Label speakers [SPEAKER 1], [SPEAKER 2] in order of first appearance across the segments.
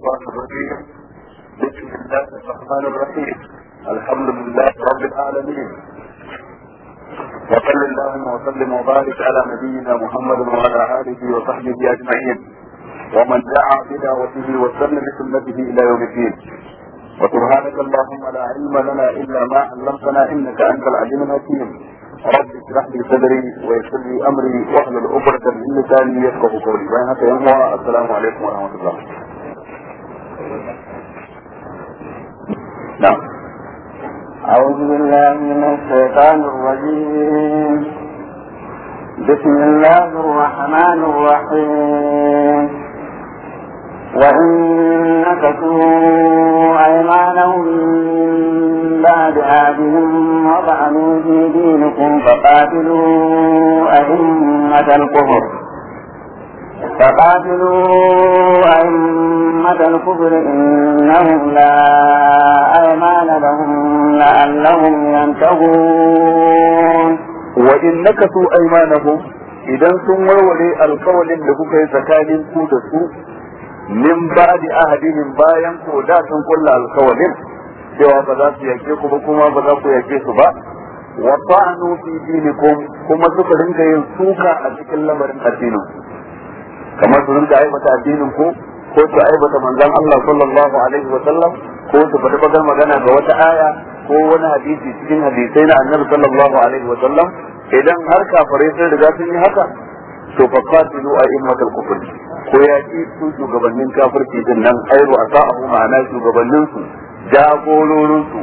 [SPEAKER 1] الشيطان الرجيم بسم الله الرحمن الرحيم الحمد لله رب العالمين وصل اللهم وسلم وبارك على نبينا محمد وعلى اله وصحبه اجمعين ومن دعا بدعوته وسلم بسنته الى يوم الدين وسبحانك اللهم لا علم لنا الا ما علمتنا انك انت العليم الحكيم رب اشرح لي صدري ويسر لي امري واحلل عقدة من لساني يفقه قولي وين هكا السلام عليكم ورحمه الله
[SPEAKER 2] أعوذ بالله من الشيطان الرجيم بسم الله الرحمن الرحيم وإن نكثوا أيمانهم بعد عهدهم وطعنوا في دينكم فقاتلوا أئمة الكفر فقاتلوا أئمة الكفر إنهم لا أيمان لهم لعلهم ينتهون وإن نكثوا أيمانهم
[SPEAKER 1] idan sun warware alkawalin da kuka yi tsakanin ku da su min ba'di ahadihim bayan ko da sun kulla alkawalin cewa ba za su yake ku ba kuma ba za ku yake su ba wa ta'anu fi dinikum kuma suka rinka yin suka a cikin lamarin addinin kamar su rinka aibata addinin ku ko su aibata manzon Allah sallallahu alaihi wa sallam ko su faɗi bakar magana ga wata aya ko wani hadisi cikin hadisai na annabi sallallahu alaihi wa sallam idan har kafare sun riga sun yi haka to fa qatilu a'immatul kufr ko ya ci su shugabannin kafirci din nan airu asa'ahu ma'ana shugabannin su jagororin su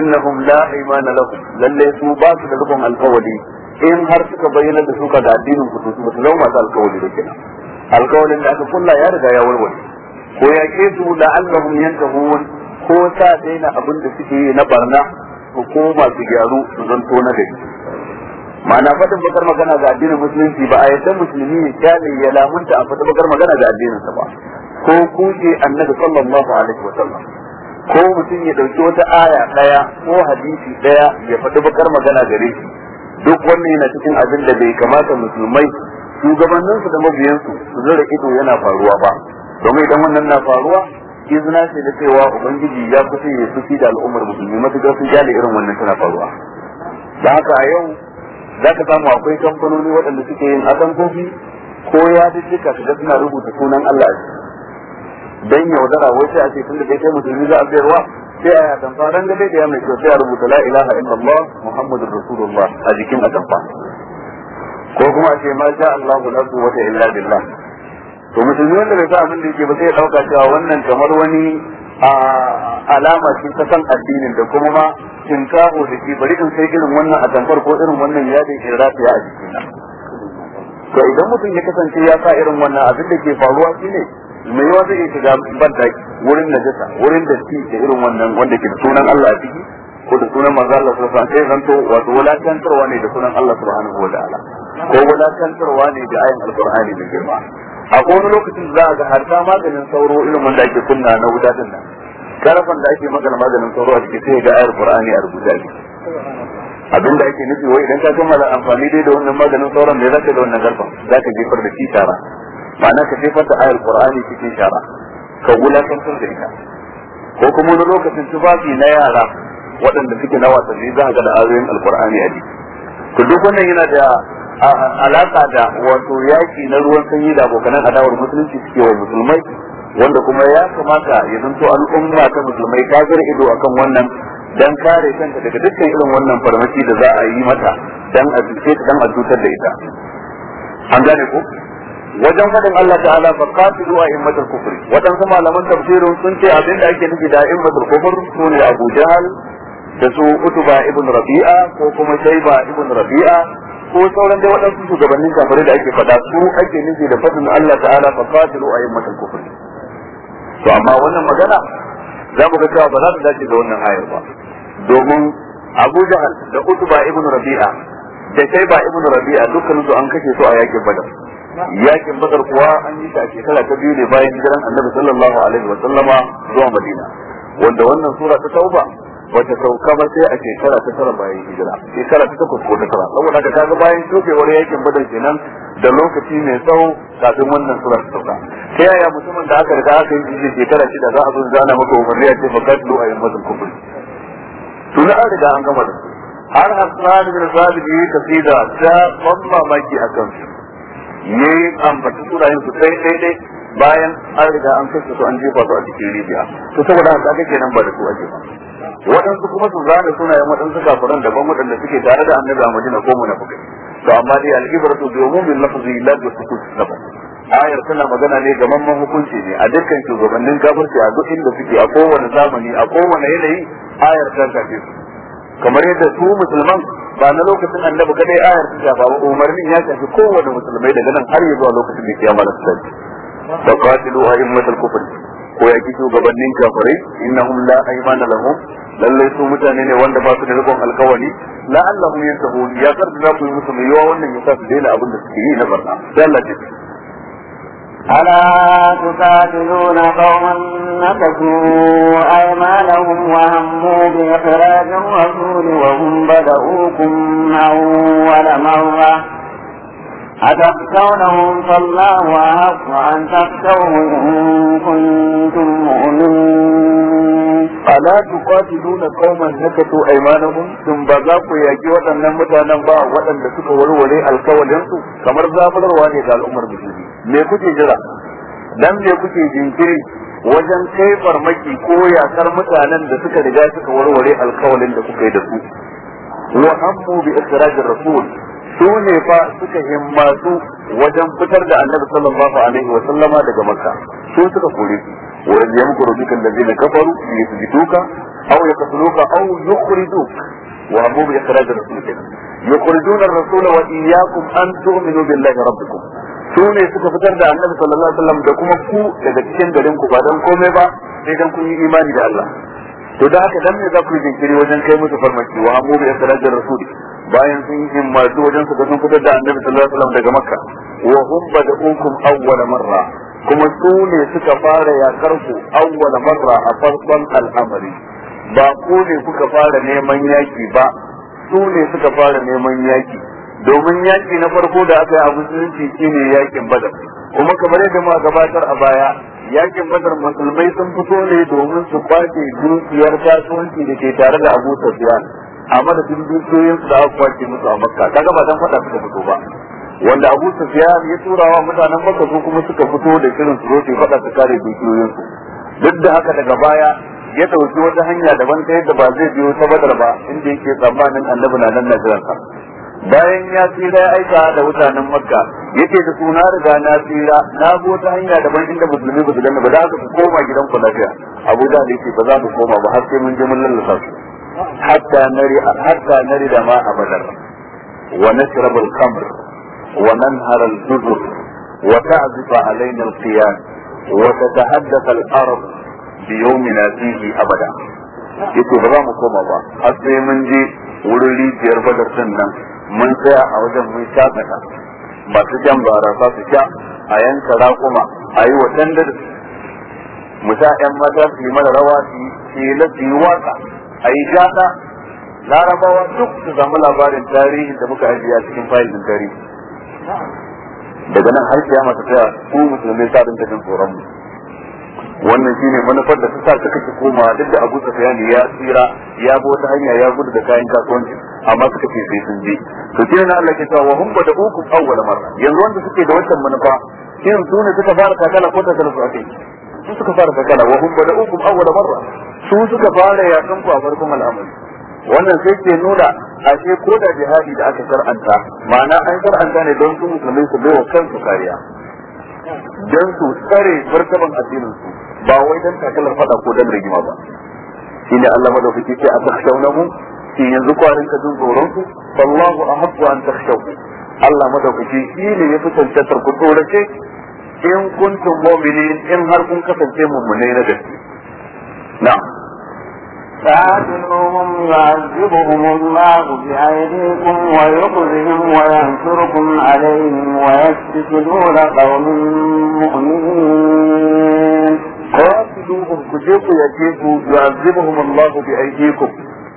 [SPEAKER 1] innahum la imana lahum lalle su ba su da rubun alkawali in har suka bayyana da suka da addinin ku su ba su zama masu alkawali da kenan alƙawarin da aka kulla ya riga ya warware ko ya ke su da yanka yantahun ko sa daina abin da suke yi na barna ko koma su gyaru su zanto na gari ma'ana fatan bakar magana ga addinin musulunci ba a yadda musulmi ya kyale ya lamunta a fatan bakar magana ga addininsa ba ko kuke annabi sallallahu alaihi wa sallam ko mutum ya dauki wata aya daya ko hadisi daya ya faɗi bakar magana gare shi duk wannan yana cikin abin da bai kamata musulmai shugabanninsu da mabiyansu su zura ido yana faruwa ba domin idan wannan na faruwa izina ce da cewa ubangiji ya kusa ya fi da al'ummar musulmi matuƙar sun jale irin wannan tana faruwa da haka a yau za ka samu akwai kamfanoni waɗanda suke yin kofi ko ya duka su ga suna rubuta sunan Allah a dan yaudara sai a ce tun da kai musulmi za a sayarwa sai a atamfa dan da bai da ya mai kyau sai a rubuta la ilaha illallah muhammadur rasulullah a jikin atamfa ko kuma a ce ma sha Allahu la quwwata illa billah to musulmi wanda bai sa abin da yake ba sai ya dauka cewa wannan kamar wani alama shi ta san addinin da kuma ma tinkaho da shi bari in sai irin wannan a tamfar ko irin wannan ya da in rafiya a jikina to idan mutum ya kasance ya sa irin wannan abin da ke faruwa shine mai yawa zai shiga ban wurin najasa wurin da shi da irin wannan wanda ke sunan Allah a ciki ko da sunan manzo Allah sallallahu alaihi wasallam sai zanto wato wulakantarwa ne da sunan Allah subhanahu wa ta'ala ko wulakantarwa ne da ayin alkur'ani da girma a wani lokacin za a ga har ta maganin sauro irin wanda ake kunna na wuta nan Karafan da ake magana maganin sauro a jiki sai ga ayar qur'ani a rubuta ne abin da ake nufi wai idan ka kammala amfani dai da wannan maganin sauron me zaka da wannan karfan zaka jefar da shi tara ma'ana ka jefar da ayar qur'ani cikin shara ka wulakantar da ita ko kuma wani lokacin tufafi na yara waɗanda suke na wasanni za a ga da ayoyin alqur'ani a jiki to duk wannan yana da alaka da wato yaki na ruwan sanyi da abokanan adawar musulunci suke wa musulmai wanda kuma ya kamata ya zanto al'umma ta musulmai ta zara ido a kan wannan don kare kanta daga dukkan irin wannan farmaki da za a yi mata don a zuce ta a zutar da ita an gane ko wajen faɗin Allah ta'ala in matar kufuri wajen waɗansu malaman tafsirin sun ce abin da ake nufi da kufur su ne Abu Jahl da su Utuba ibn Rabi'a ko kuma Shaiba ibn Rabi'a ko sauran dai waɗansu shugabannin kafirai da ake faɗa su ake nufi da fadin Allah ta'ala fa qatilu ayyamatul kufr to amma wannan magana za mu ga cewa ba za ta dace da wannan ayar ba domin Abu Jahal da Utba ibn Rabi'a da ba ibn Rabi'a dukkan su an kashe su a yakin Badar yakin Badar kuwa an yi ta shekara ta biyu ne bayan hijiran Annabi sallallahu alaihi wa sallama zuwa Madina wanda wannan sura ta Tauba bata sauka ba sai a shekara ta tara bayan hijira shekara ta takwas ko ta tara saboda ka kaga bayan shofewar yakin badar kenan da lokaci mai tsawo kafin wannan sura ta sauka ta yaya mutumin da aka riga aka yi jiji shekara shida za a zo zana maka umarni a ce fakadlu a yammatul kufri tuni an riga an gama da su har hasan bin sabit yi kasida ta ban maki a kan su yayi ambaci yin su sai dai bayan an riga an kashe su an jefa su a cikin rijiya to saboda haka nan ba da su a jefa. waɗansu kuma su zana sunayen waɗansu kafiran daban waɗanda suke tare da annabi a madina ko munafikai to amma dai biyo mun bi umumin lafzi la su khusus sabab ayar tana magana ne ga mamman hukunci ne a dukkan shugabannin kafirci a duk inda suke a kowane zamani a kowane yanayi ayar ta shafe su kamar yadda su musulman ba na lokacin annabi kadai ayar ta shafa ba umarnin ya shafi kowane musulmai daga nan har yi zuwa lokacin da kiyama ta tashi yin أئمة kufurci ko ya ki shugabannin kafirai innahum la aymana lahum lallai su mutane ne wanda ba su da rubon alkawari la allahum yantahun ya kar da ku yi musu mai yawa wannan ya sa su daina abin da suke yi na
[SPEAKER 2] barna sai Allah ya ألا تقاتلون قوما نكثوا أيمانهم وهموا بإخراج الرسول وهم بدؤوكم أول مرة أتخشونهم فالله أحق أن تخشوه إن كنتم مؤمنين ألا تقاتلون قوما نكتوا أيمانهم
[SPEAKER 1] ثم بذاقوا يجوة وطن متانا وأن تسكوا لسك ولولي القولين كما رضا فلرواني قال أمر بسيدي ميكوتي جرا لم يكوتي جنكري wajen kai farmaki ko yakar mutanen da suka riga suka warware alkawalin da kuka yi da su wa hammu bi ikhrajir rasul su ne fa suka himmatu wajen fitar da annabi sallallahu alaihi wa sallama daga makka su suka kore shi wa yanzu ya muku rubikan da kafaru ya su jituka aw ya kasuluka aw yukhrijuk wa abu bi ikhraj rasulika kenan yukhrijuna ar-rasula wa iyyakum an tu'minu billahi rabbikum su ne suka fitar da annabi sallallahu alaihi wa sallam da kuma ku daga cikin garin ku ba dan komai ba sai dan kun yi imani da Allah to da haka dan me za ku yi jinkiri wajen kai musu farmaki wa abu bi ikhraj rasulika bayan sun yi himmatu wajen su ga sun fitar da annabi sallallahu alaihi wasallam daga makka wa hum bada'ukum awwal marra kuma su ne suka fara yakar ku awwal marra a farkon al'amari ba ku ne kuka fara neman yaki ba su ne suka fara neman yaki domin yaki na farko da aka yi a musulunci shine yakin badar kuma kamar yadda muka gabatar a baya yakin badar musulmai sun fito ne domin su kwace dukiyar kasuwanci da ke tare da abu sufyan a madadin dukiyoyin su da aka kwace musu a makka kaga ba dan fada suka fito ba wanda abu sufyan ya tura wa mutanen makka su kuma suka fito da shirin su roƙe fada su kare dukiyoyin su duk da haka daga baya ya ɗauki wata hanya daban ta yadda ba zai biyo ta badar ba inda yake tsammanin annabi na nan bayan ya tsira ya aika da mutanen makka yake da suna riga na tsira na bi wata hanya daban inda musulmi ba su ganna ba za su koma gidan ku lafiya abu da yake ba za mu koma ba har sai mun je mun lallasa su حتى نري حتى نري ماء بدر ونشرب الخمر وننهر الجزر وتعزف علينا القيام وتتحدث الارض بيومنا فيه ابدا. يقول برام كوما با حتى يمنجي ورلي بير بدر سنة من سيا حوجا ميشاتنا ما تجم بارفا تجا ايان كراكوما ايو وتندر مساء يمتا في مدى رواتي في لتي واتا a yi jaɗa larabawa duk su zama labarin tarihi da muka ajiye a cikin fayilin tarihi daga nan har kiyama ta tsaya ku musulmi sa rinka cikin tsoron mu wannan shine manufar da suka sa suka ci koma duk da Abu Sufyan ya tsira ya bi wata hanya ya gudu da kayan kasuwanci amma suka ce sai sun je to kina na Allah ke cewa wa hum bada'ukum awwal marra yanzu wanda suke da wannan manufa shin su ne suka fara kakala ko ta talaka su suka fara kakala wa hum bada'ukum awwal marra su suka fara yakan ku a farkon al'amari wannan sai ke nuna ashe ko da jihadi da aka kar'anta ma'ana an kar'anta ne don su musulmai su bai wa kansu kariya don su tsare martaban addinin su ba wai dan takalar fada ko dan rigima ba shine Allah madaukaki ce a takshawnahum shi yanzu kwarin ka jin tsoron su wallahu ahabbu an takshawu Allah madaukaki shi ne ya fi tantar ku tsorace in kuntum mu'minin in har kun kasance mummunai na gaske
[SPEAKER 2] na فاعتبرهم يعذبهم الله بأيديكم ويخزهم وينصركم عليهم ويسفك دون قوم مؤمنين يعذبهم الله بأيديكم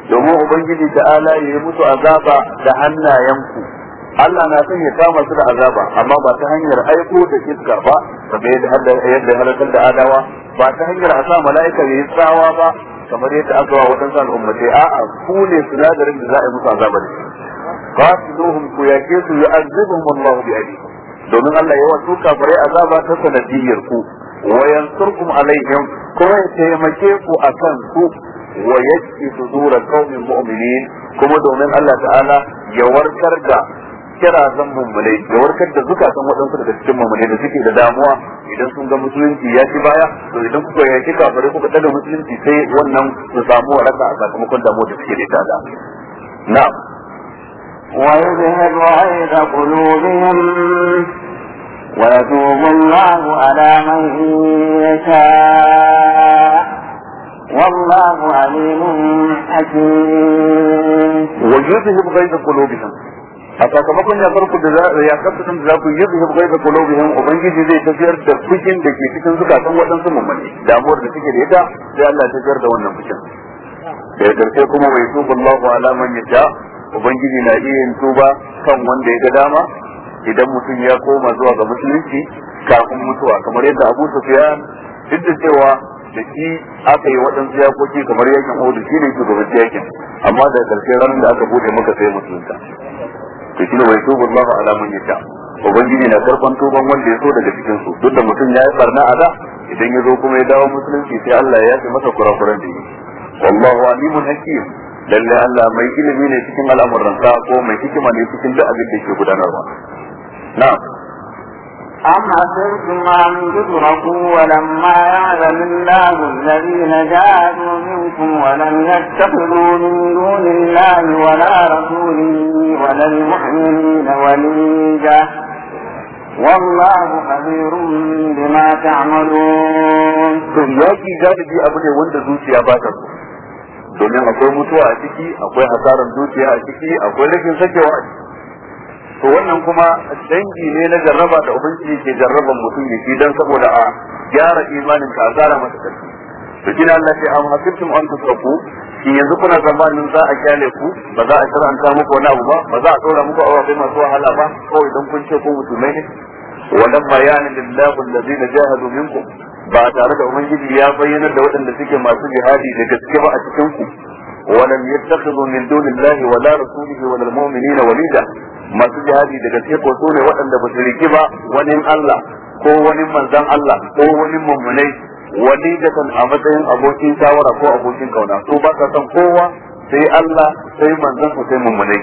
[SPEAKER 2] domin Ubangiji
[SPEAKER 1] ta'ala ya yi musu azaba da hannayenku Allah na son ya kama su da azaba amma ba ta hanyar aiko da kiska ba kamar yadda yadda halakar da adawa ba ta hanyar a sa mala'ika ya yi tsawa ba kamar yadda aka wa waɗansu al'ummatai a'a ku ne sinadarin da za a yi musu azaba da shi qatiluhum ku ke su yu'azzibuhum Allah bi ajikum domin Allah ya wasu kafirai azaba ta sanadiyyar ku wayan yansurkum alaihim kuma ya taimake ku akan su wa su zura kaunin mu'minin kuma domin Allah ta'ala ya warkar da zan mummunai da warkar da zukatan waɗansu daga cikin mummunai da suke da damuwa idan sun ga musulunci ya ci baya to idan kuka ci kafare kuka ɗaga musulunci sai wannan su samu waraka a sakamakon damuwa da suke da ita da
[SPEAKER 2] na'am ويذهب غيظ قلوبهم ويتوب الله على من يشاء والله عليم حكيم ويذهب غيظ قلوبهم a sakamakon ya farko da ya kasu da za ku yi
[SPEAKER 1] zuhur gai da ubangiji zai tafiyar da fushin da ke cikin zukatan waɗansu mummuni damuwar da suke da ita sai Allah tafiyar da wannan fushin da karshe kuma mai tuba Allahu ala man ubangiji na iya yin tuba kan wanda ya ga dama idan mutum ya koma zuwa ga musulunci kafin mutuwa kamar yadda Abu Sufyan duk da cewa da shi aka yi waɗansu yakoki kamar yakin Uhud shi ne shugabanci yakin amma da karshe ranar da aka bude maka sai musulunta to shi ne wai tubu Allahu ala man ubangiji na karban tuban wanda ya so daga cikin su duk da mutum ya yi barna a da idan ya zo kuma ya dawo musulunci sai Allah ya yi masa kurakuran da yi wallahu alimun hakim lalle Allah mai ilimi ne cikin al'amuransa ko mai hikima ne cikin duk abin da ke gudanarwa na'am
[SPEAKER 2] أم حسبتم أن تتركوا ولما يعلم الله الذين جاهدوا منكم ولم يتخذوا من دون الله ولا رسوله على المؤمنين وليدا والله خبير بما تعملون to yaki
[SPEAKER 1] galibi abu ne wanda zuciya ba ta so domin akwai mutuwa a ciki akwai hasaran zuciya a ciki akwai rikin sakewa a ciki to wannan kuma dangi ne na jarraba da ubangiji ke jarraban mutum ne dan saboda a gyara imanin ka a masa karfi to kina Allah sai am hasibtum an tusrafu yanzu kuna zamanin za a kyale ku ba za a shar'anta muku wani abu ba ba za a tsora muku ababai masu wahala ba kawai don kun ce ku musulmai ne ولما يعلم na الذين جاهدوا ku ba tare da ubangiji ya bayyana da waɗanda suke masu jihadi da gaske ba a cikin ku walam yattakhidhu min dunillahi wala rasulihi wala almu'minina walida masu jihadi da gaske ko sune waɗanda ba su riki ba wani Allah ko wani manzon Allah ko wani mummunai walidatan a matsayin abokin shawara ko abokin kauna to ba ka san kowa sai Allah sai manzon ku sai mummunai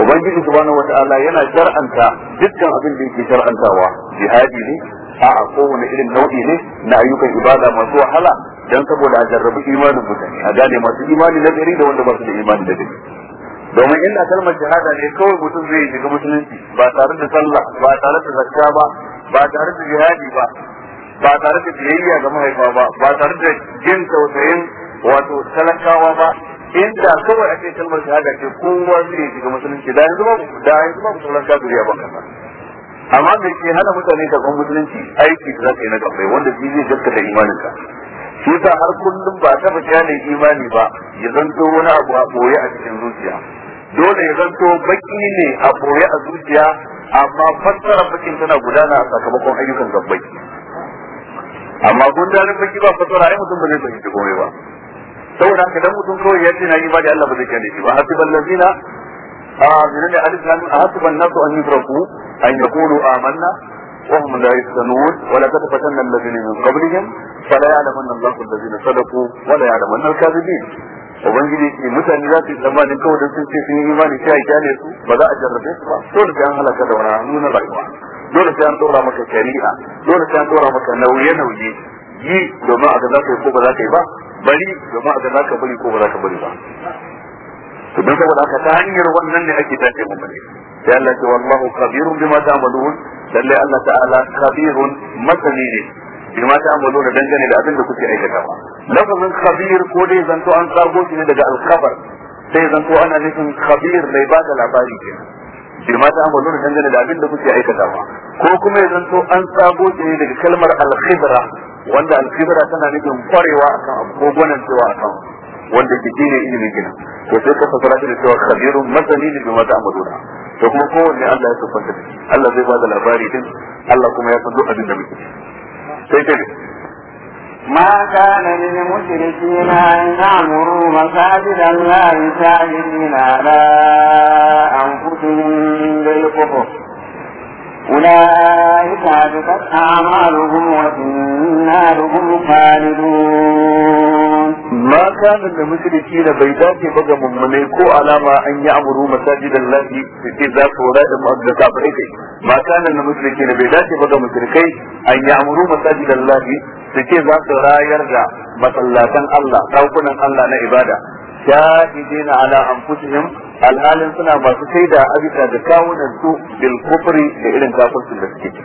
[SPEAKER 1] ubangiji subhanahu wata'ala yana shar'anta dukkan abin da yake shar'antawa jihadi ne a kowane irin nau'i ne na ayyukan ibada masu wahala dan saboda a jarrabi imanin mutane a gane masu imani na gari da wanda ba su da imani da gari domin ina kalmar jihada ne kawai mutum zai shiga musulunci ba tare da sallah ba tare da zakka ba ba tare da jihadi ba ba tare da biyayya ga mahaifa ba ba tare da jin tausayin wato talakawa ba inda kawai ake kalmar shahada ce kowa zai shiga musulunci da yanzu ba da yanzu ba sauran kafiriya ba kasa amma me ke hana mutane kan musulunci aiki da za ka yi na kafai wanda shi zai gaskata imaninka shi ta har kullum ba ta ba ne imani ba ya zanto wani abu a boye a cikin zuciya dole ya zanto baki ne a boye a zuciya amma fassara bakin tana gudana a sakamakon ayyukan gabbai amma kun da gundarin baki ba fasara ai mutum ba zai fahimci komai ba da haka dan mutum kawai ya ce na yi ba da Allah ba zai kyale shi ba hasiban lazina a zinani alif lam hasiban nasu an yudraku an yaqulu amanna وهم لا يفتنون ولقد فتنا الذين من قبلهم فلا يعلمن الله الذين صدقوا ولا يعلمن الكاذبين ubangiji ce mutane za su yi tsammanin kawai da sun ce sun yi imani sai a kyale su ba za a jarrabe su ba to da an halaka da wani nuna rayuwa dole sai an dora maka shari'a dole sai an dora maka nauye nauye yi domin a ga za ka yi ko ba za ka yi ba bari domin a ga za ka bari ko ba za ka bari ba to dan saboda haka ta hanyar wannan ne ake dace mu bane sai Allah ce wallahu kabirun bima ta'malun lalle Allah ta'ala kabirun masani ne bima ta'malun dangane da abin da kuke aikatawa lafazin kabir ko dai zanto an tsago shi ne daga alkhabar sai zanto ana nufin kabir mai ba da labari kenan bi ma ta amalu dangane da abin da kuke ba ko kuma ya zanto an sabo ce daga kalmar alkhibra wanda alkhibra tana nufin kwarewa a kan abu ko a kan wanda ke shine ilimin gina to sai ka fasara da cewa khabirun masani ne bi ma ta da. to kuma kowanne Allah ya tabbata Allah zai ba da labari din Allah kuma ya san duk abin da muke
[SPEAKER 2] sai ما كان للمشركين أن يعمروا مساجد الله شاهدين على أنفسهم بالكفر أولئك حبطت أعمالهم وفي النار هم خالدون kanin da mushriki da bai dace ba ga mummunai ko
[SPEAKER 1] alama an yi amuru masajidan lafi su ce za su wada da da kafirai kai ba kanin da mushriki da bai dace ba ga mushrikai an yi amuru masajidan lafi su ce za su rayar da masallatan Allah daukunan Allah na ibada شاهدين على انفسهم الحال سنا ما سيدا abita da kawunan su bil kufri da irin kafircin da suke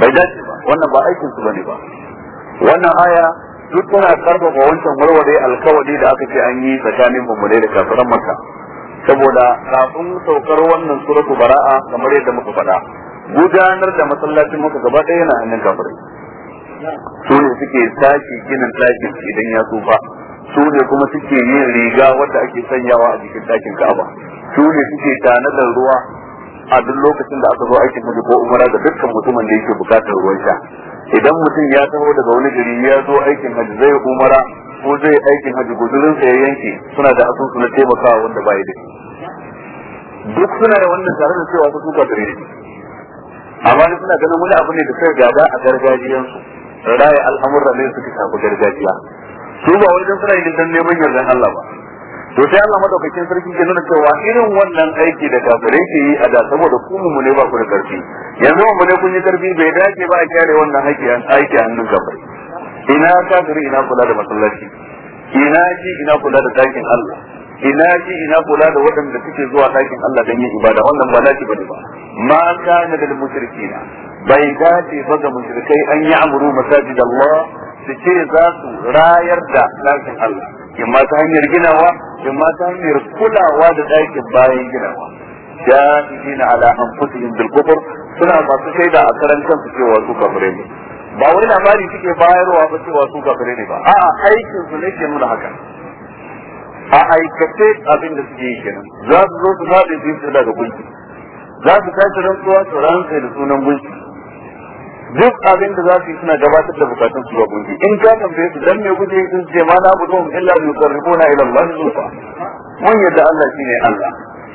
[SPEAKER 1] bai dace ba wannan ba aikin su bane ba wannan aya duk tana karfafa wancan warware alkawari da aka ce an yi tsakanin mummunai da kafiran makka saboda kafin saukar wannan suratu bara'a kamar yadda muka faɗa gudanar da masallacin muka gaba ɗaya yana hannun kafirai su ne suke tashi ginin ɗakin idan ya tsufa su ne kuma suke yin riga wadda ake sanyawa a jikin ɗakin ka'aba su ne suke tanadar ruwa a duk lokacin da aka zo aikin hajji ko umara da dukkan mutumin da yake bukatar ruwan sha idan mutum ya taho daga wani gari ya zo aikin hajji zai umara ko zai aikin hajji gudurin sa ya yanke suna da asusu na taimakawa wanda ba da duk suna da wannan tare da cewa su suka gare ne amma ni suna ganin wani abu ne da sai gaba a gargajiyansu raya al'amuran ne suka shafi gargajiya su ba wajen suna yin dan neman yardan Allah ba to sai Allah madaukakin sarki ke nuna cewa irin wannan aiki da kafirai ke yi a da saboda ku mu ne ba ku da karfi yanzu mu ne kun yi karfi bai dace ba a kare wannan aiki an aiki an nuna gaba ina kafiri ina kula da masallaci ina ji ina kula da dakin Allah ina ji ina kula da waɗanda suke zuwa dakin Allah don yin ibada wannan ba dace bane ba ma kana da mushrikina bai dace ba ga mushrikai an yi amru masajidallah su ce za su rayar da dakin Allah in ma ta hanyar ginawa in ma ta hanyar kulawa da ɗakin bayan ginawa na ala anfusihim yin kufr suna masu shaida a karan kansu cewa su kafire ne ba wani labari suke bayarwa ba cewa su kafire ne ba a'a aikin su ne ke nuna haka a aikace abin da suke yi kenan za su zo su zaɓe su yi daga gunki za su su rantsuwa su rantsa da sunan gunki duk abin da za su yi suna gabatar da bukatun su ga gungi in ka tambaye su dan me guje sun ce ma na budu illa bi qarribuna ila Allah zufa. mun yadda Allah shine Allah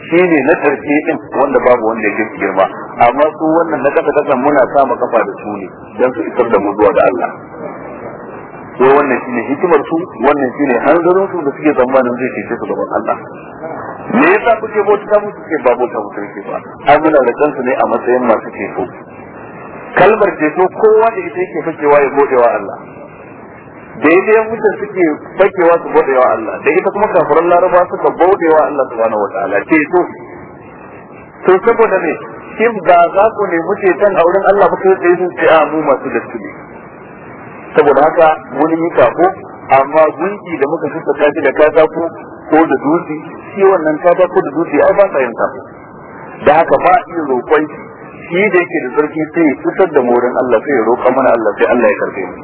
[SPEAKER 1] shine na karshe din wanda babu wanda yake girma amma su wannan na kafa kasan muna sa mu kafa da su ne dan su isar da mu zuwa ga Allah ko wannan shine hikimar su wannan shine hanzarin su da suke zamanin zai cece su gaban Allah me yasa kuke bauta musu ke babu ta musu ke ba amma da kansu ne a matsayin masu ceto kalmar ceto kowa da ita yake fakewa ya gode wa Allah daidai mutum suke fakewa su gode wa Allah da ita kuma kafiran laraba suka gode wa Allah subhanahu wa ta'ala ceto to saboda ne kim ba za ku ne nemi ceton a wurin Allah ba kai tsaye sun ce a mu masu gaske saboda haka mun yi kafo amma gunki da muka shuka kaji da katako ko da dutse shi wannan katako da dutse ai ba sa yin kafo da haka ba iya roƙon shi da yake da sarki sai fitar da morin Allah sai roƙa mana Allah sai Allah ya karbe mu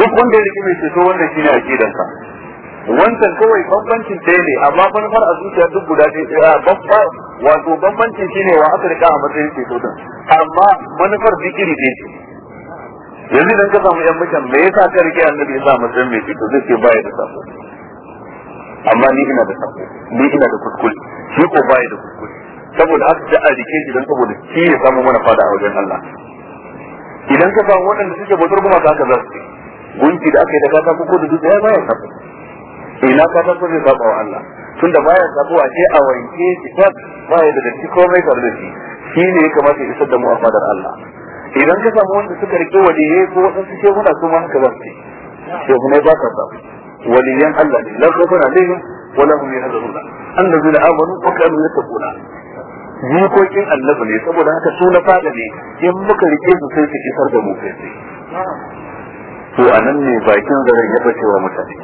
[SPEAKER 1] duk wanda ya rike mai ceto wannan shine akidansa wancan kawai bambancin ɗaya ne amma manufar a zuciya duk guda ɗaya babba wato bambancin shine wa aka rika a matsayin ceto din amma manufar zikiri ne yanzu dan ka samu yan mutan me yasa ka rike annabi yasa matsayin mai ceto zai ce baya da sako amma ni ina da sako ni ina da kuskure shi ko baya da kuskure saboda haka da a rike shi dan saboda shi ya samu mana fada a wajen Allah idan ka samu waɗanda suke bautar kuma ka haka za su gunki da aka yi da kata ko da dutse ya baya sabo ina eh, ka ta zai saba wa Allah tunda baya sabo a ce a wanke shi ba baya da datti komai tare da shi shi ne ya kamata ya isar da mu a fadar Allah idan ka samu wanda suka rike waliyai ko waɗansu shehuna su ma haka za su yi shehunai ba ka samu waliyan Allah ne lafiya kuna lehim wala hum yahduruna annabiyina amanu wa kanu yattaquna jikokin annabi ne saboda haka su na fada ne in muka rike su sai su isar da mu kai to anan ne bakin zaren ya bace wa mutane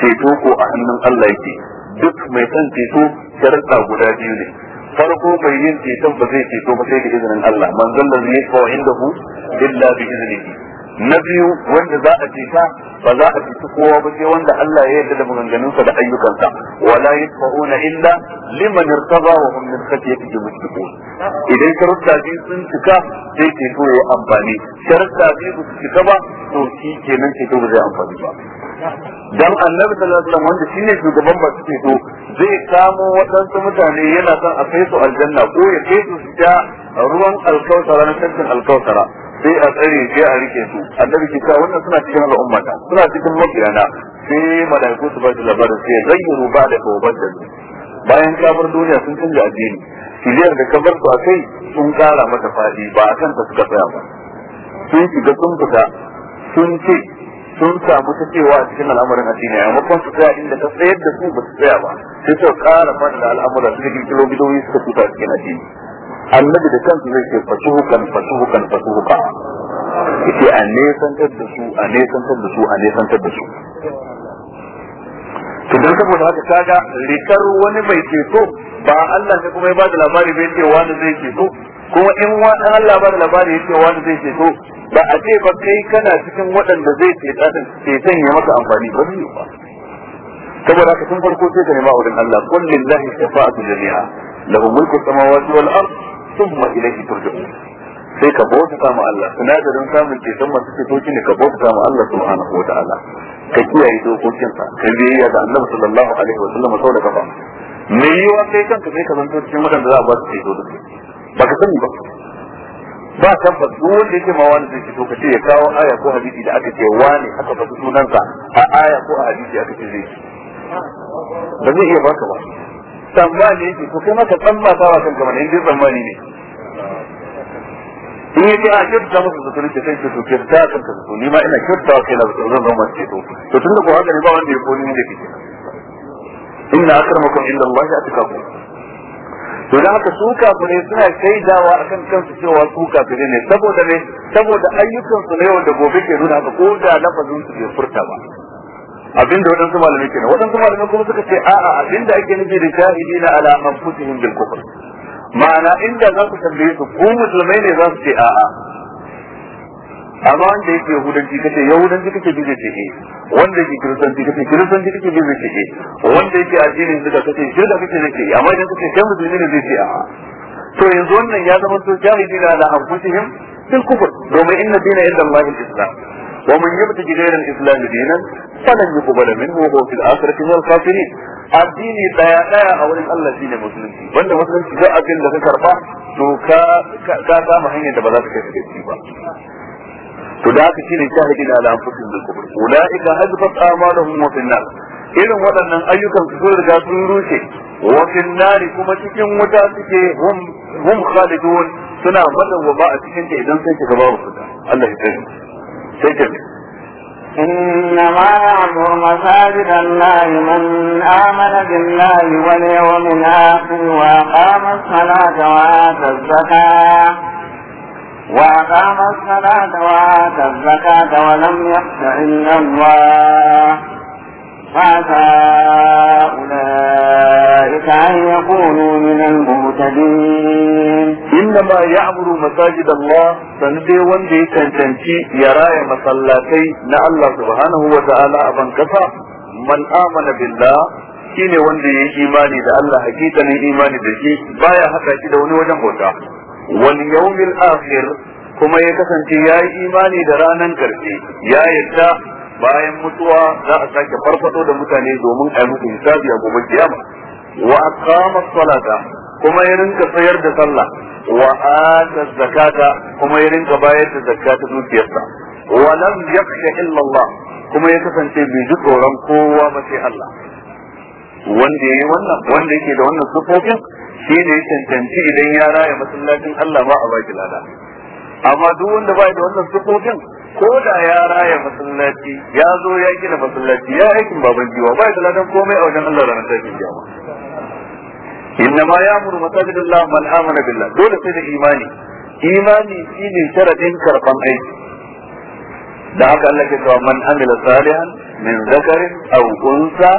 [SPEAKER 1] ceto ko a hannun Allah yake duk mai san ceto sharaɗa guda biyu ne farko mai yin ceton ba zai ceto ba sai da izinin Allah manzon da zai inda ku? illa bi iznihi na biyu wanda za a cika ba za a ciki kowa ba sai wanda Allah ya yarda da maganganunsa da ayyukansa wala yasfauna illa liman irtaba wa hum min khashyatihi mushfiqun idan sharuɗa biyu sun cika sai ke so ya amfani sharuɗa biyu su cika ba to shi kenan ke to ba zai amfani ba dan annabi sallallahu alaihi wasallam wanda shine shugaban masu ceto zai samo waɗansu mutane yana son a kai su aljanna ko ya kai su ta ruwan alkautara na tantin alkautara sai a tsare sai a rike su annabi ke cewa wannan suna cikin al'umma ta suna cikin makiyana sai malaiku su ba su labarin sai zayyuru ba da kawabar da bayan kabar duniya sun canza addini kiliyar da kabar su a kai sun kara mata fadi ba a kanta suka tsaya ba sun shiga sun fita sun ce sun samu ta cewa a cikin al'amarin addini a makon su tsaya inda ta tsayar da su ba su tsaya ba sai suka kara fada al'amura suka kirkiro bidoyi suka tuta cikin addini annabi da kansu zai ce fasuhukan fasuhukan fasuhuka yace a nesantar da su a nesantar da su a nesantar da su to dan saboda haka ga rikar wani mai ceto ba Allah ne kuma ya bada labari bai ce wani zai ceto kuma in wani Allah bada labari ya ce wani zai ceto ba a ce ba kai kana cikin waɗanda zai ceta ceton ya maka amfani ba zai ba saboda haka tun farko sai ka nema wurin Allah kullin lahi shafa'atu jami'a lahu mulku samawati wal ardh thumma ilayhi turja'un sai ka bauta ma Allah sinadarin samun ceton masu ceto ne ka bauta ma Allah subhanahu ta'ala. ka kiyaye dokokin sa ka biyayya da Allah sallallahu alaihi wa sallam sau da kafa me yiwa kai kanka sai ka zanto cikin da za a ba su ceto da su ka sani ba ba tabbas duk wanda yake ma wani zai to kace ya kawo aya ko hadisi da aka ce wani aka faɗi sunansa a aya ko a hadisi aka ce zai ba zai iya baka ba tsammani yake to kai maka tsammata wa kanka mana inda tsammani ne in yake a kyauta musu su turke sai su tuke ta kanka su ni ma ina kyauta wa kai na zan zama mace to to tunda ko haka ne ba wanda ya koni ni da kike inna akramakum inda Allah ya tukaku to da haka su kafirai suna shaidawa kan kansu cewa su kafirai ne saboda ne saboda ayyukansu na yau da gobe ke nuna haka ko da lafazin su bai furta ba Abin da waɗansu malamai kenan waɗansu malamai kuma suka ce a'a abin da ake nufi da shahidina ala anfusihim bil kufr ma'ana inda za su tambaye su ko musulmai ne za su ce a'a amma wanda yake yahudanci kace yahudanci kake bi zai ce eh. wanda yake kiristanci kace kiristanci kake bi zai ce eh. wanda yake addinin zuga kace shirka da zai ce eh. amma idan kace kai musulmi ne zai ce a'a to yanzu wannan ya zama to jahilina ala anfusihim bil kufr domin inna dina inda Allah al-islam ومن يبتغي غير الاسلام دينا فلن يقبل منه وهو في الاخره من الخاسرين الدين دايا دايا اول الله دين مسلمي وان مسلمي ذا اكل da ka karba to ka ka samu hanyar da ba za ka kai ba to da haka shine shahidin ala anfusihim bil kufr ulaika irin waɗannan ayyukan su riga sun rushe wa fin kuma cikin wuta suke hum hum khalidun suna madawwa ba a cikin ta idan sai ka gaba su Allah ya tsare سجن
[SPEAKER 2] إنما يعبر مساجد الله من آمن بالله واليوم الآخر وأقام الصلاة وآتى الزكاة وأقام الصلاة وآتى الزكاة ولم يخش إلا الله فعسى أولئك أن يكونوا من المهتدين إنما
[SPEAKER 1] يعبر مساجد الله sanadai wanda ya cancanci ya raya masallatai na Allah subhanahu wa ta'ala a bankasa man amana billah shine wanda ya yi imani da Allah hakikanin imani da shi baya haka shi da wani wajen bauta wal yawmil akhir kuma ya kasance ya yi imani da ranan karshe ya yadda bayan mutuwa za a sake farfado da mutane domin a yi musu hisabi a gobe kiyama wa aqama salata kuma ya rinka sayar da sallah wa ata zakata kuma ya rinka bayar da zakata dukiyarsa wa lam yakhsha illa Allah kuma ya kasance bai ji tsoron kowa ba sai Allah wanda yayi wannan wanda yake da wannan sufofin shi ne ya cancanci idan ya raya masallacin Allah ba a baki lada amma duk wanda bai da wannan sifofin ko da ya raya masallaci ya zo ya gina masallaci ya aikin baban jiwa bai da ladan komai a wajen Allah ranar tashin kiyama innama ya'muru masajidallah man amana billah dole sai da imani imani shine sharadin karban aiki da haka Allah ke cewa man amila salihan min zakarin aw unsa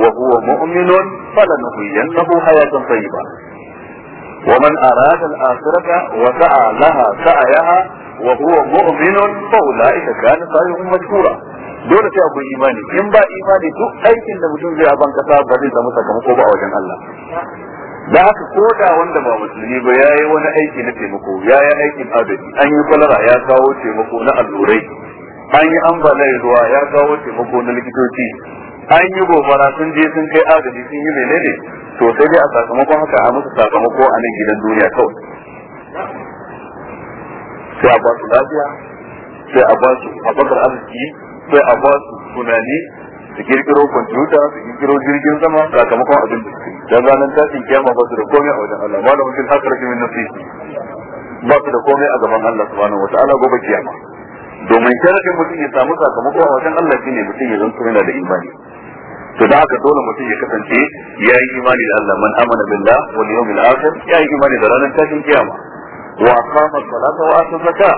[SPEAKER 1] wa huwa mu'minun falanuhyiyannahu hayatan tayyiba ومن أراد الآخرة وسعى لها سعيها وهو مؤمن فأولئك كان سعيهم مشكورا dole sai akwai imani in ba imani duk aikin da mutum zai a ban kasa ba zai samu sakamako ba a wajen Allah da haka ko da wanda ba musulmi ba yayi wani aiki na taimako yayi aikin adadi an yi kwalara ya kawo taimako na al'urai. an yi ambaliyar ruwa ya kawo taimako na likitoci an yi gobara sun je sun kai agaji sun yi menene to sai dai a sakamakon haka a musu sakamako a nan gidan duniya kawai sai a ba su lafiya sai a ba su abakar arziki sai a ba su tunani su kirkiro kwamfuta su kirkiro jirgin sama sakamakon abin da suke dan ranar tashin kiyama ba su da komai a wajen Allah malamin haka hakar min nasihi ba su da komai a gaban Allah subhanahu wataala gobe kiyama domin sharafin mutum ya samu sakamako a wajen Allah shine mutum ya zanto yana da imani to da haka dole mutum ya kasance ya yi imani da Allah man amana billah wal yawmil akhir ya yi imani da ranar tashin kiyama wa aqama salata wa ata zakka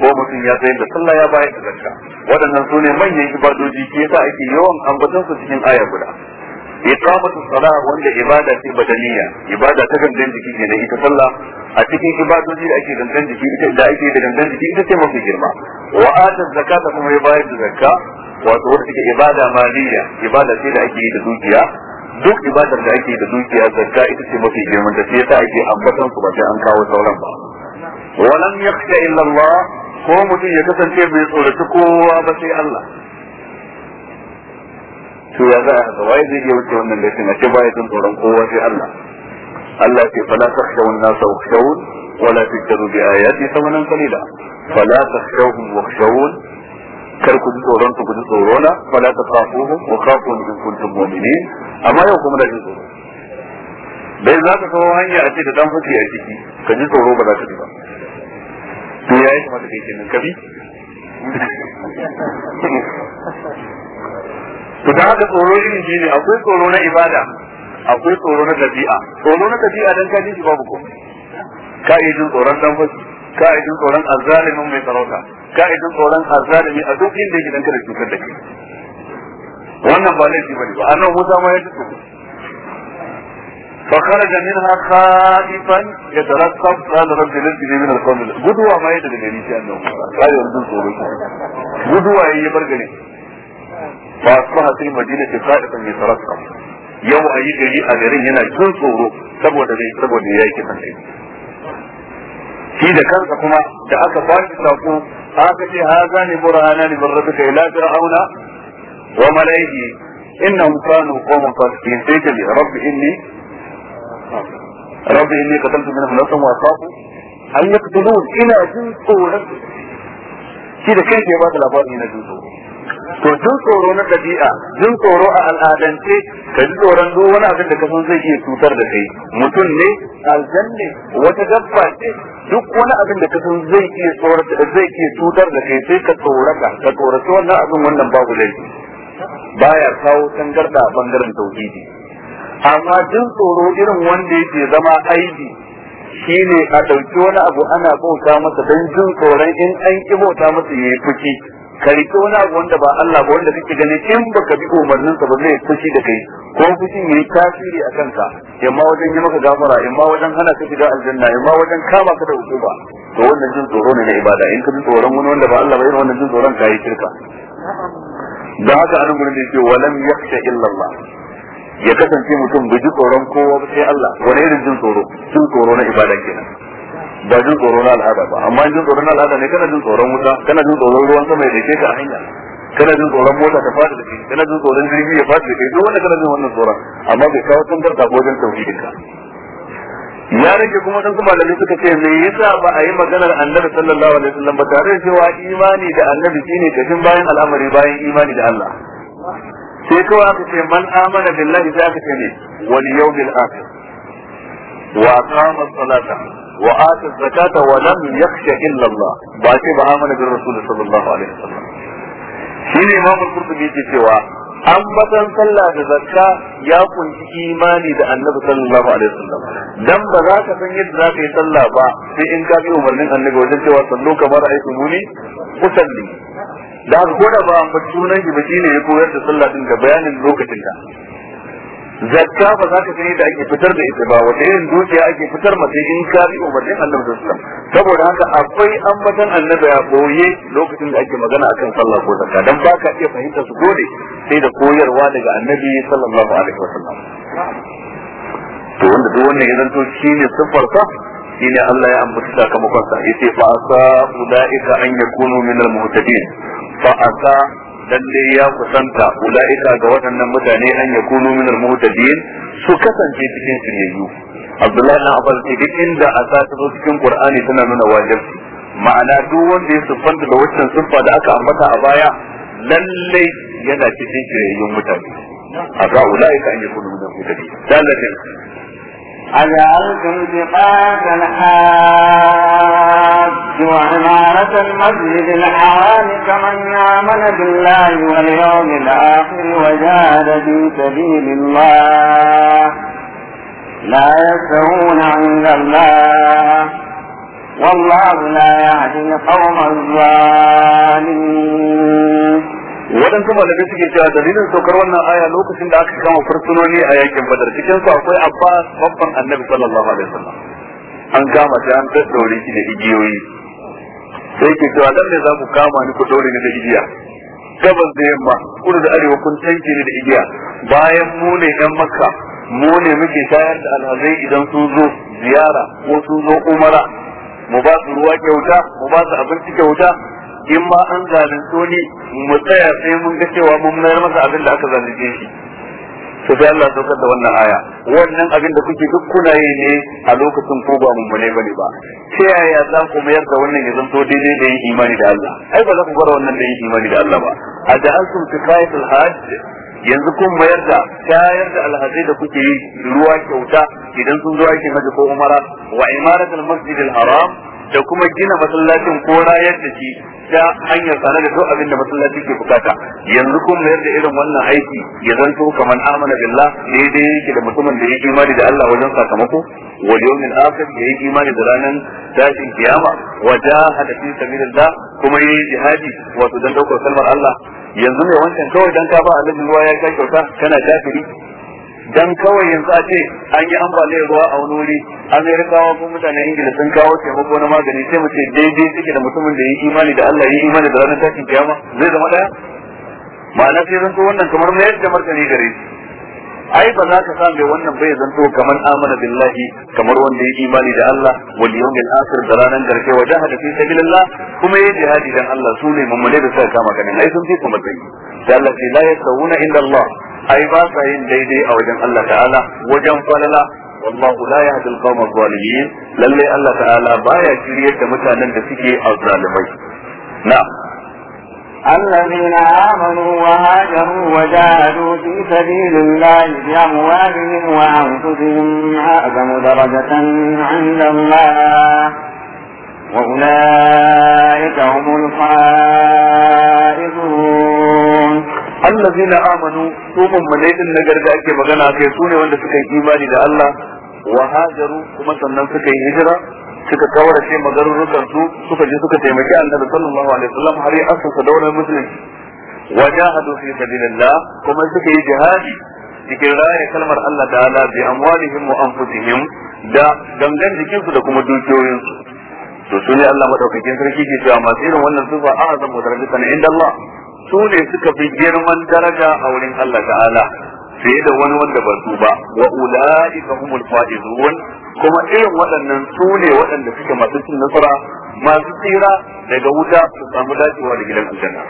[SPEAKER 1] ko mutum ya tsayar da sallah ya bayar da zakka waɗannan sune manyan ibadoji ke yasa ake yawan ambaton su cikin aya guda iqamatu salah wanda ibada ce badaniya ibada ta gangan jiki ne da ita sallah a cikin ibadoji da ake gangan jiki ita da ake da gangan jiki ita ce mafi girma wa ata zakka kuma ya bayar da zakka wato wata take ibada maliya ibada ce da ake yi da dukiya duk ibadar da ake yi da dukiya zakka ita ce mafi girman da sai ta ake ambatan su ba sai an kawo sauran ba walam yakhsha illa Allah ko mutum ya kasance bai tsorata kowa ba sai Allah to ya za a haka waye zai iya wuce wannan laifin a ce baya jin tsoron kowa sai Allah Allah ce fala takhshawun nasu ukhshawun wala tajru bi ayati thamanan qalila fala takhshawhum wakhshawun kar ku tsoron ku ji tsoro na fala ta ko wa kafun in kuntum mu'minin amma yau kuma da ji tsoro bai za ka kawo hanya a ce da dan fuki a ciki ka ji tsoro ba za ka ji ba to yayi kuma da kai kenan kabi to da haka tsoro irin shi ne akwai tsoro na ibada akwai tsoro na dabi'a tsoro na dabi'a dan ka ji shi babu ko ka yi jin tsoron dan fuki ka yi jin tsoron azalimin mai sarauta ka'idun tsoron hasa da a duk inda yake dangane da cutar da ke wannan ba laifi bane ba annabi Musa ma ya tuko fa kharaja minha khaifan yatarattab qal rabbi lati min al-qawm gudwa ma yadda gani ci annabi ya yanzu tsoro gudwa yayi bargane fa asbaha fi madinati khaifan yatarattab yau ayi gari a garin yana cin tsoro saboda bai saboda yayi kitan dai shi da kansa kuma da aka bashi sako aka ce haza ne burhana ne barratuka ila fir'auna wa malaihi innahum kanu qawman fasiqin sai ta ce rabbi inni rabbi inni qataltu minhum nafsan wa asafu an yaqtulun ina jin tsoron shi da kansa ya ba da labari na jin to jin tsoro na ɗabi'a jin tsoro a al'adance ka ji tsoron duk wani abin da ka san zai iya cutar da kai mutum ne aljan ne wata dabba ce duk wani abin da ka san zai iya zai iya cutar da kai sai ka tsorata ka tsorata wannan abin wannan babu laifi baya kawo tangarda a bangaren tauhidi amma jin tsoro irin wanda yake zama aibi shi ne a ɗauki wani abu ana bauta masa don jin tsoron in an ƙi bauta masa ya yi fuki ka wani abu wanda ba Allah ba wanda kake ganin in baka bi umarnin sa ba zai fushi da kai ko fushin yayi tasiri a kanka yamma wajen yi maka gafara yamma wajen hana ka shiga aljanna yamma wajen kama ka da hukuma to wannan jin tsoro ne na ibada in ka bi tsoron wani wanda ba Allah ba irin wannan jin tsoron kai shirka da haka anan gurin da yake walam yakhsha illa Allah ya kasance mutum bai ji tsoron kowa ba sai Allah wani irin jin tsoro jin tsoro na ibada kenan ba jin tsoro na al'ada ba amma jin tsoro na al'ada ne kana jin tsoron wuta kana jin tsoron ruwan sama da ke ka a hanya kana jin tsoron mota ta fada da kai kana jin tsoron jirgi ya fada da kai duk wanda kana jin wannan tsoron amma bai kawo tangar ta wajen tauhidin ka ya rage kuma dan kuma da suka ce me yasa ba a yi maganar annabi sallallahu alaihi wasallam ba tare da cewa imani da annabi shine kafin bayan al'amari bayan imani da Allah sai kawai aka ce man amana billahi sai aka ce ne wal yawmil akhir wa aqama as-salata wa ata zakata wa lam yakhsha illa Allah ba ce ba amana bin rasul sallallahu alaihi wasallam shi ne imam al-qurtubi cewa an batan sallah da zakka ya kunshi imani da annabi sallallahu alaihi wasallam dan ba za ka san yadda za ka yi sallah ba sai in ka bi umarnin annabi wajen cewa sallu kamar ayi muni usalli da ko da ba an bar sunan shi ba shine ya koyar da sallah din ga bayanin lokacin ka. zakka ba za ka gani da ake fitar da ita ba wata irin dukiya ake fitar mace in ka bi umarnin annabi sallallahu alaihi saboda haka akwai ambatan annabi ya boye lokacin da ake magana akan sallah ko zakka dan ba ka iya fahimta su dole sai da koyarwa daga annabi sallallahu alaihi wasallam to wanda duk wannan ya zanto shine siffar sa shine Allah ya ambaci sakamakon sa yace fa asa ulaika an yakunu minal muhtadin fa asa lalle ya kusanta ula'ika ga waɗannan mutane an ya kunu min al-muhtadin su kasance cikin shiryayyu Abdullahi na Abbas ce duk inda a ta zo cikin Qur'ani tana nuna wajibi ma'ana duk wanda ya fanta da wancan siffa da aka ambata a baya lalle yana cikin shiryayyun mutane a ga ula'ika an ya kunu min al-muhtadin
[SPEAKER 2] أجعلتم سقاية الحاج وعمارة المسجد الحرام كمن آمن بالله واليوم الآخر وجاهد في سبيل الله لا يستوون عند الله والله لا يهدي قوم الظالمين
[SPEAKER 1] waɗansu malamai suke cewa dalilin saukar wannan aya lokacin da aka kama fursunoni a yankin badar cikin su akwai abba, babban annabi sallallahu alaihi wasallam an kama shi an daddore shi da igiyoyi sai ke cewa dan ne za ku kama ni ku daure ni da igiya gabas da yamma kudu da arewa kun tanke ni da igiya bayan mu ne dan makka mu ne muke tayar da alhazai idan sun zo ziyara ko sun zo umara mu ba su ruwa kyauta mu ba su abinci kyauta in ba an zalunto ni mu tsaya sai mun ga cewa mun mayar masa abin da aka zalunce shi to sai Allah saukar da wannan aya wannan abin da kuke duk kuna yi ne a lokacin ko ba mun bane bane ba ta yaya za ku mayar da wannan ya zanto daidai da yin imani da Allah ai ba za ku bar wannan da yin imani da Allah ba a da an sun tikayatul hajj yanzu kun mayar da shayar da alhazai da kuke yi ruwa kyauta idan sun zo aikin hajji ko umara wa imaratul masjidil haram da kuma gina masallacin ko rayar da shi ta hanyar sana da duk abin da masallaci ke bukata yanzu kun mayar da irin wannan aiki ya zanto kamar amana billah daidai yake da mutumin da ya imani da Allah wajen sakamako wal yawmil akhir ya yi imani da ranar tashin kiyama wa jahada fi sabilillah kuma yi jihadi wato dan daukar kalmar Allah yanzu mai wancan kawai dan ka ba Allah ruwa ya kai kyauta kana kafiri dan kawai yanzu a ce an yi da ruwa a wani wuri rikawa kuma mutanen ingila sun kawo taimako na magani sai mu ce daidai suke da mutumin da ya imani da allah ya imani da ranar tashin kiyama zai zama daya ma'ana sai zan so wannan kamar mayar da martani gare shi ai ba za ka samu wannan bai zanto kamar amana billahi kamar wanda ya imani da Allah wal yawmil akhir da ranar garke wa jahada fi sabilillah kuma ya jihadi dan Allah su ne mamale da suka kama ganin ai sun fi kuma zai da Allah ce la yasawuna inda Allah ai ba sa yin daidai a wajen Allah ta'ala wajen falala والله لا يهدي القوم الظالمين للي الله تعالى بايا شريت mutanen da suke الظالمين نعم
[SPEAKER 2] الذين آمنوا وهاجروا وجاهدوا في سبيل الله بأموالهم وأنفسهم أعظم درجة عند الله وأولئك هم الفائزون الذين آمنوا من مليت النجر ذاك مغنى كيسون وأن سكي
[SPEAKER 1] إيماني لألا وهاجروا ومثلا سكي هجرة suka kawarce magarurukan su suka je suka taimaki annabi sallallahu alaihi wasallam har ya assasa daular musulunci wajahadu fi sabilillah kuma suka yi jihadi cikin raya kalmar Allah ta'ala bi amwalihim wa anfusihim da gangan da kuma dukiyoyinsu to su ne Allah madaukakin sarki ke cewa masu irin wannan sufa a azamu darajata na inda Allah su ne suka fi girman daraja a wurin Allah ta'ala fiye da wani wanda ba su ba wa ulaika humul faizun kuma irin waɗannan su ne waɗanda suke masu cin nasara masu tsira daga wuta su samu dacewa da gidan aljanna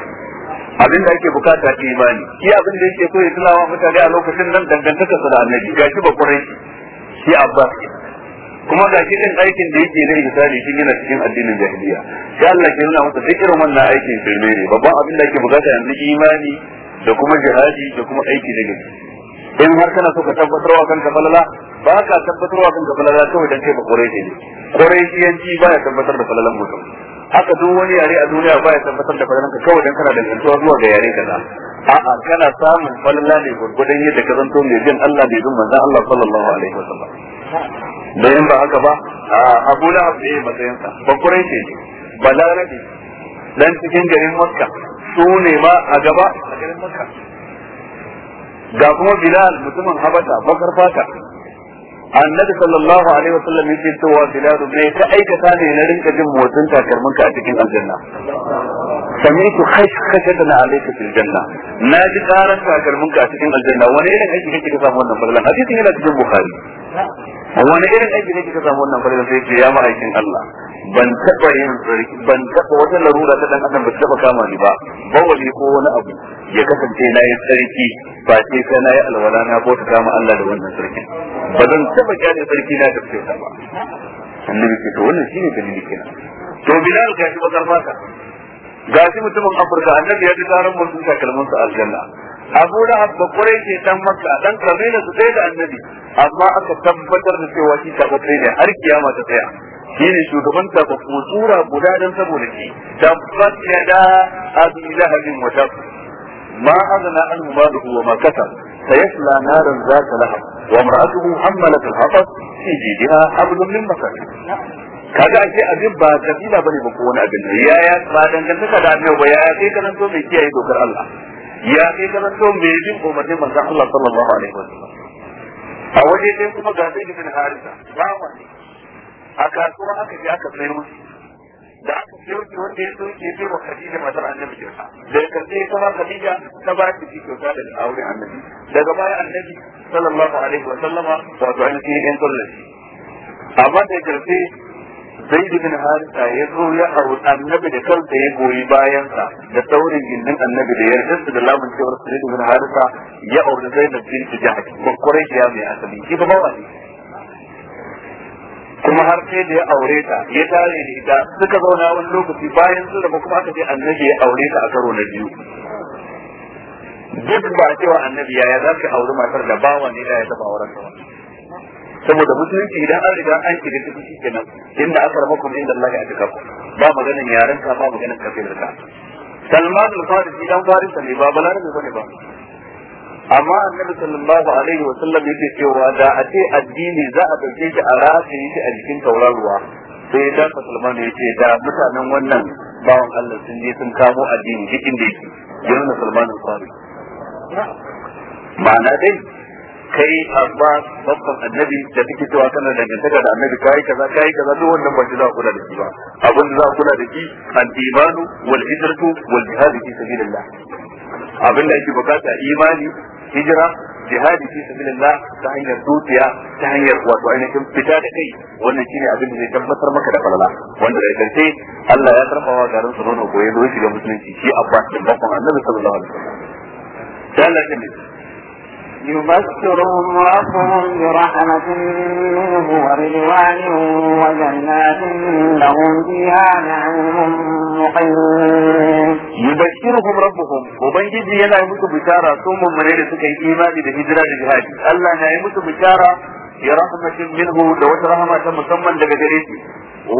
[SPEAKER 1] abin da ake bukata imani shi abin da yake so ya tunawa mutane a lokacin nan dangantaka su da annabi gashi ba kurai shi abbas kuma ga shi din aikin da yake na ihsani shi yana cikin addinin jahiliya sai Allah ke nuna masa duk irin wannan aikin shirme ne babban abin da ake bukata yanzu imani da kuma jihadi da kuma aiki da gaske in har kana so ka tabbatar wa kanka falala ba ka tabbatar wa kanka falala kawai dan kai ba quraishi ne quraishi yanci baya tabbatar da falalan mutum haka duk wani yare a duniya baya tabbatar da falalan ka kawai dan kana da tantuwa zuwa ga yare kaza a'a kana samun falala ne gurgudan yadda ka zanto mai jin Allah mai jin manzon Allah sallallahu alaihi wasallam da in ba haka ba a Abu Lahab ne sa ba quraishi ne balarabi dan cikin garin Makka su ne ma a gaba a garin Makka ga kuma bilal mutumin habata bakar fata annabi sallallahu alaihi wasallam yake cewa bilal bai ta aikata ne na rinka jin motsin takalmin a cikin aljanna sami'tu alayka fil janna na ji karan a cikin aljanna wani irin aiki kake ka samu wannan fadlan hadisin yana cikin bukhari wani irin aiki kake ka samu wannan fadlan sai Allah ban taba yin sarki ban taba wata larura ta dan adam ba taba kama ni ba bawali ko wani abu ya kasance na yi sarki ba ce sai na yi alwala na ko ta kama Allah da wannan sarki ba zan taba kyale sarki na tafi ta ba annabi ce to wannan shine dalili kenan to bilal ga shi bakar fata ga shi mutumin afirka annabi ya ji taron mutum takalmin sa aljanna abu da abba kurai ke dan makka dan kabila su sai da annabi amma aka tabbatar da cewa shi ta tabbatai ne har kiyama ta tsaya shi ne shugaban tafa ko tsura guda don saboda shi tabbat ya da abin lahabin wata ma azna an maluhu wa ma kasab sayasla naran zata lahab wa mar'atuhu hammalat al-hatab fi jidha hablum min masad kaga ashe abin ba kabila bane ba ko wani abin ya ya ba dangantaka da annabi ba ya kai kana so mai kiyaye dokar Allah ya kai kana so mai bin umarnin manzon Allah sallallahu alaihi wasallam a waje dai kuma ga sai ibn harisa ba wani a kasuwa aka je aka sayo shi da aka sayo shi wanda ya so ke ce wa Khadija matar Annabi kyauta da ya kalle ta ba Khadija ta ba shi kyauta da auren Annabi daga baya Annabi sallallahu alaihi wa sallama wato an ce in kullashi amma da karfe Zaid bin Harisa ya zo ya hau annabi da kansa ya goyi bayansa da saurin gindin annabi da yardarsa da lamun cewar Zaid bin Harisa ya auri Zainab bin Jahash ba Quraysh ya mai asali shi ba mawani kuma har sai da ya aure ta ya tare da ita suka zauna wani lokaci bayan sun raba kuma aka ce annabi ya aure ta a karo na biyu duk ba cewa annabi ya za ka auri matar da bawa ne da ya taba auren ta saboda musulunci idan an riga an shiga cikin kenan inda aka rama kuma inda Allah ya tuka ba maganin yaren ka ba maganin kafirka Salman al-Farisi dan Farisa ne ba ba ne ba amma annabi sallallahu alaihi wa sallam yake cewa da a ce addini za a dauke shi a rafi shi a jikin tauraruwa sai da musulman ce da mutanen wannan bawan Allah sun je sun kamo addini cikin da yake yana musulman salmanin
[SPEAKER 3] fari
[SPEAKER 1] ma'ana dai kai abba babban annabi da kake cewa kana dangantaka da annabi kai kaza kai kaza duk wannan ba shi za ku kula da shi ba abin da za ku kula da shi al-imanu wal hijratu wal jihadu fi sabilillah abin da ake bukata imani hijira jihadi fi sabilillah ta hanyar dukiya ta hanyar wato ainihin fita da kai wannan shine abin da zai tabbatar maka da falala wanda da karshe Allah ya wa garin su nono goye zo shiga musulunci shi abba da bakon annabi sallallahu alaihi wasallam
[SPEAKER 2] يبشرهم ربهم برحمة منه ورجوان وجنات لهم فيها نعيم مقيم يبشرهم ربهم وبنجدي
[SPEAKER 1] أنا يمت بشارة ثم من غير سكي إيمان بهجرة الجهاد الله يمت بشارة برحمة منه لو ترحمة مسمى لجريتي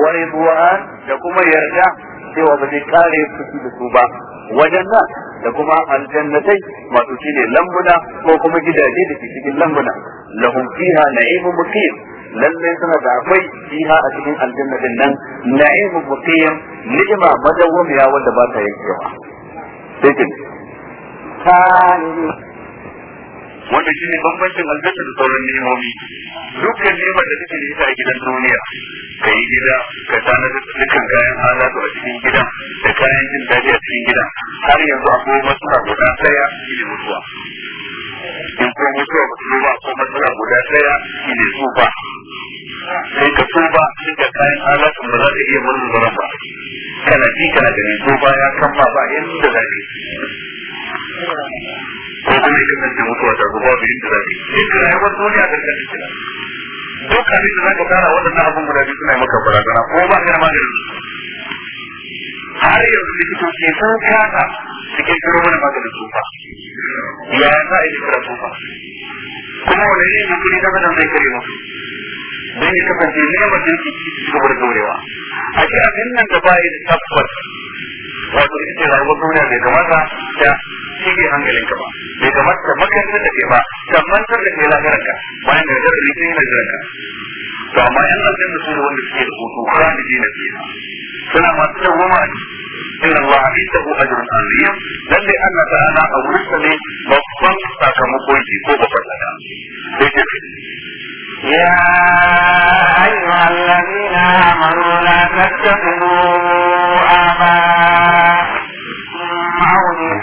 [SPEAKER 1] ورضوان يقوم يرجع سوى بذكاري في السوبة wajen nan da kuma aljannatai masu shine lambuna ko kuma gidaje da ke cikin lambuna lahum fiha na'imun muqim lalle suna da akwai fiha a cikin aljannatin nan na'imun muqim ni'ima madawwamiya wanda ba ta kewa.
[SPEAKER 2] sai wanda shine bambancin aljanna da sauran nemomi dukkan nemar da kake da ita a gidan duniya ka yi gida ka tanadar da dukkan kayan halatu a cikin gidan da kayan jin daji a cikin gidan har yanzu akwai matsala guda
[SPEAKER 1] ɗaya shine mutuwa in ko mutuwa ba su ba masu matsala guda ɗaya shine tsufa sai ka tsufa sai ka kayan halatun ba za ka iya murmura ba kana ji kana gani tsufa ya kama ba yanzu da zafi ko kuma ya kasance mutuwa ta zuba babu yadda za ta yi duk rayuwar duniya ta kasance kira
[SPEAKER 2] duk abin da za ka fara waɗannan abin guda biyu suna maka barazana ko ba ka da maganin har yanzu likitoci sun kasa cikin kiro mana maganin tsufa ya za a yi kira tsufa kuma wani ne mai kuri zama zai kare musu don ya kasance neman da yake ci gaba da daurewa a ce nan da ba tabbas wato ita ce rayuwar duniya bai kamata ya.
[SPEAKER 1] shige hankalinka ba bai kamata ta da kai ba ta mantar da kai lafiyarka bayan da zai rikin yana
[SPEAKER 2] jiranka to amma yan wanda suke da hoto khalidi na suna masu dawwama a ciki inna allaha indahu ajrun azim ana Allah ta'ala a wurin sa ne babban sakamako yake ko babban lada sai ce يا أيها الذين آمنوا لا تتخذوا آباءكم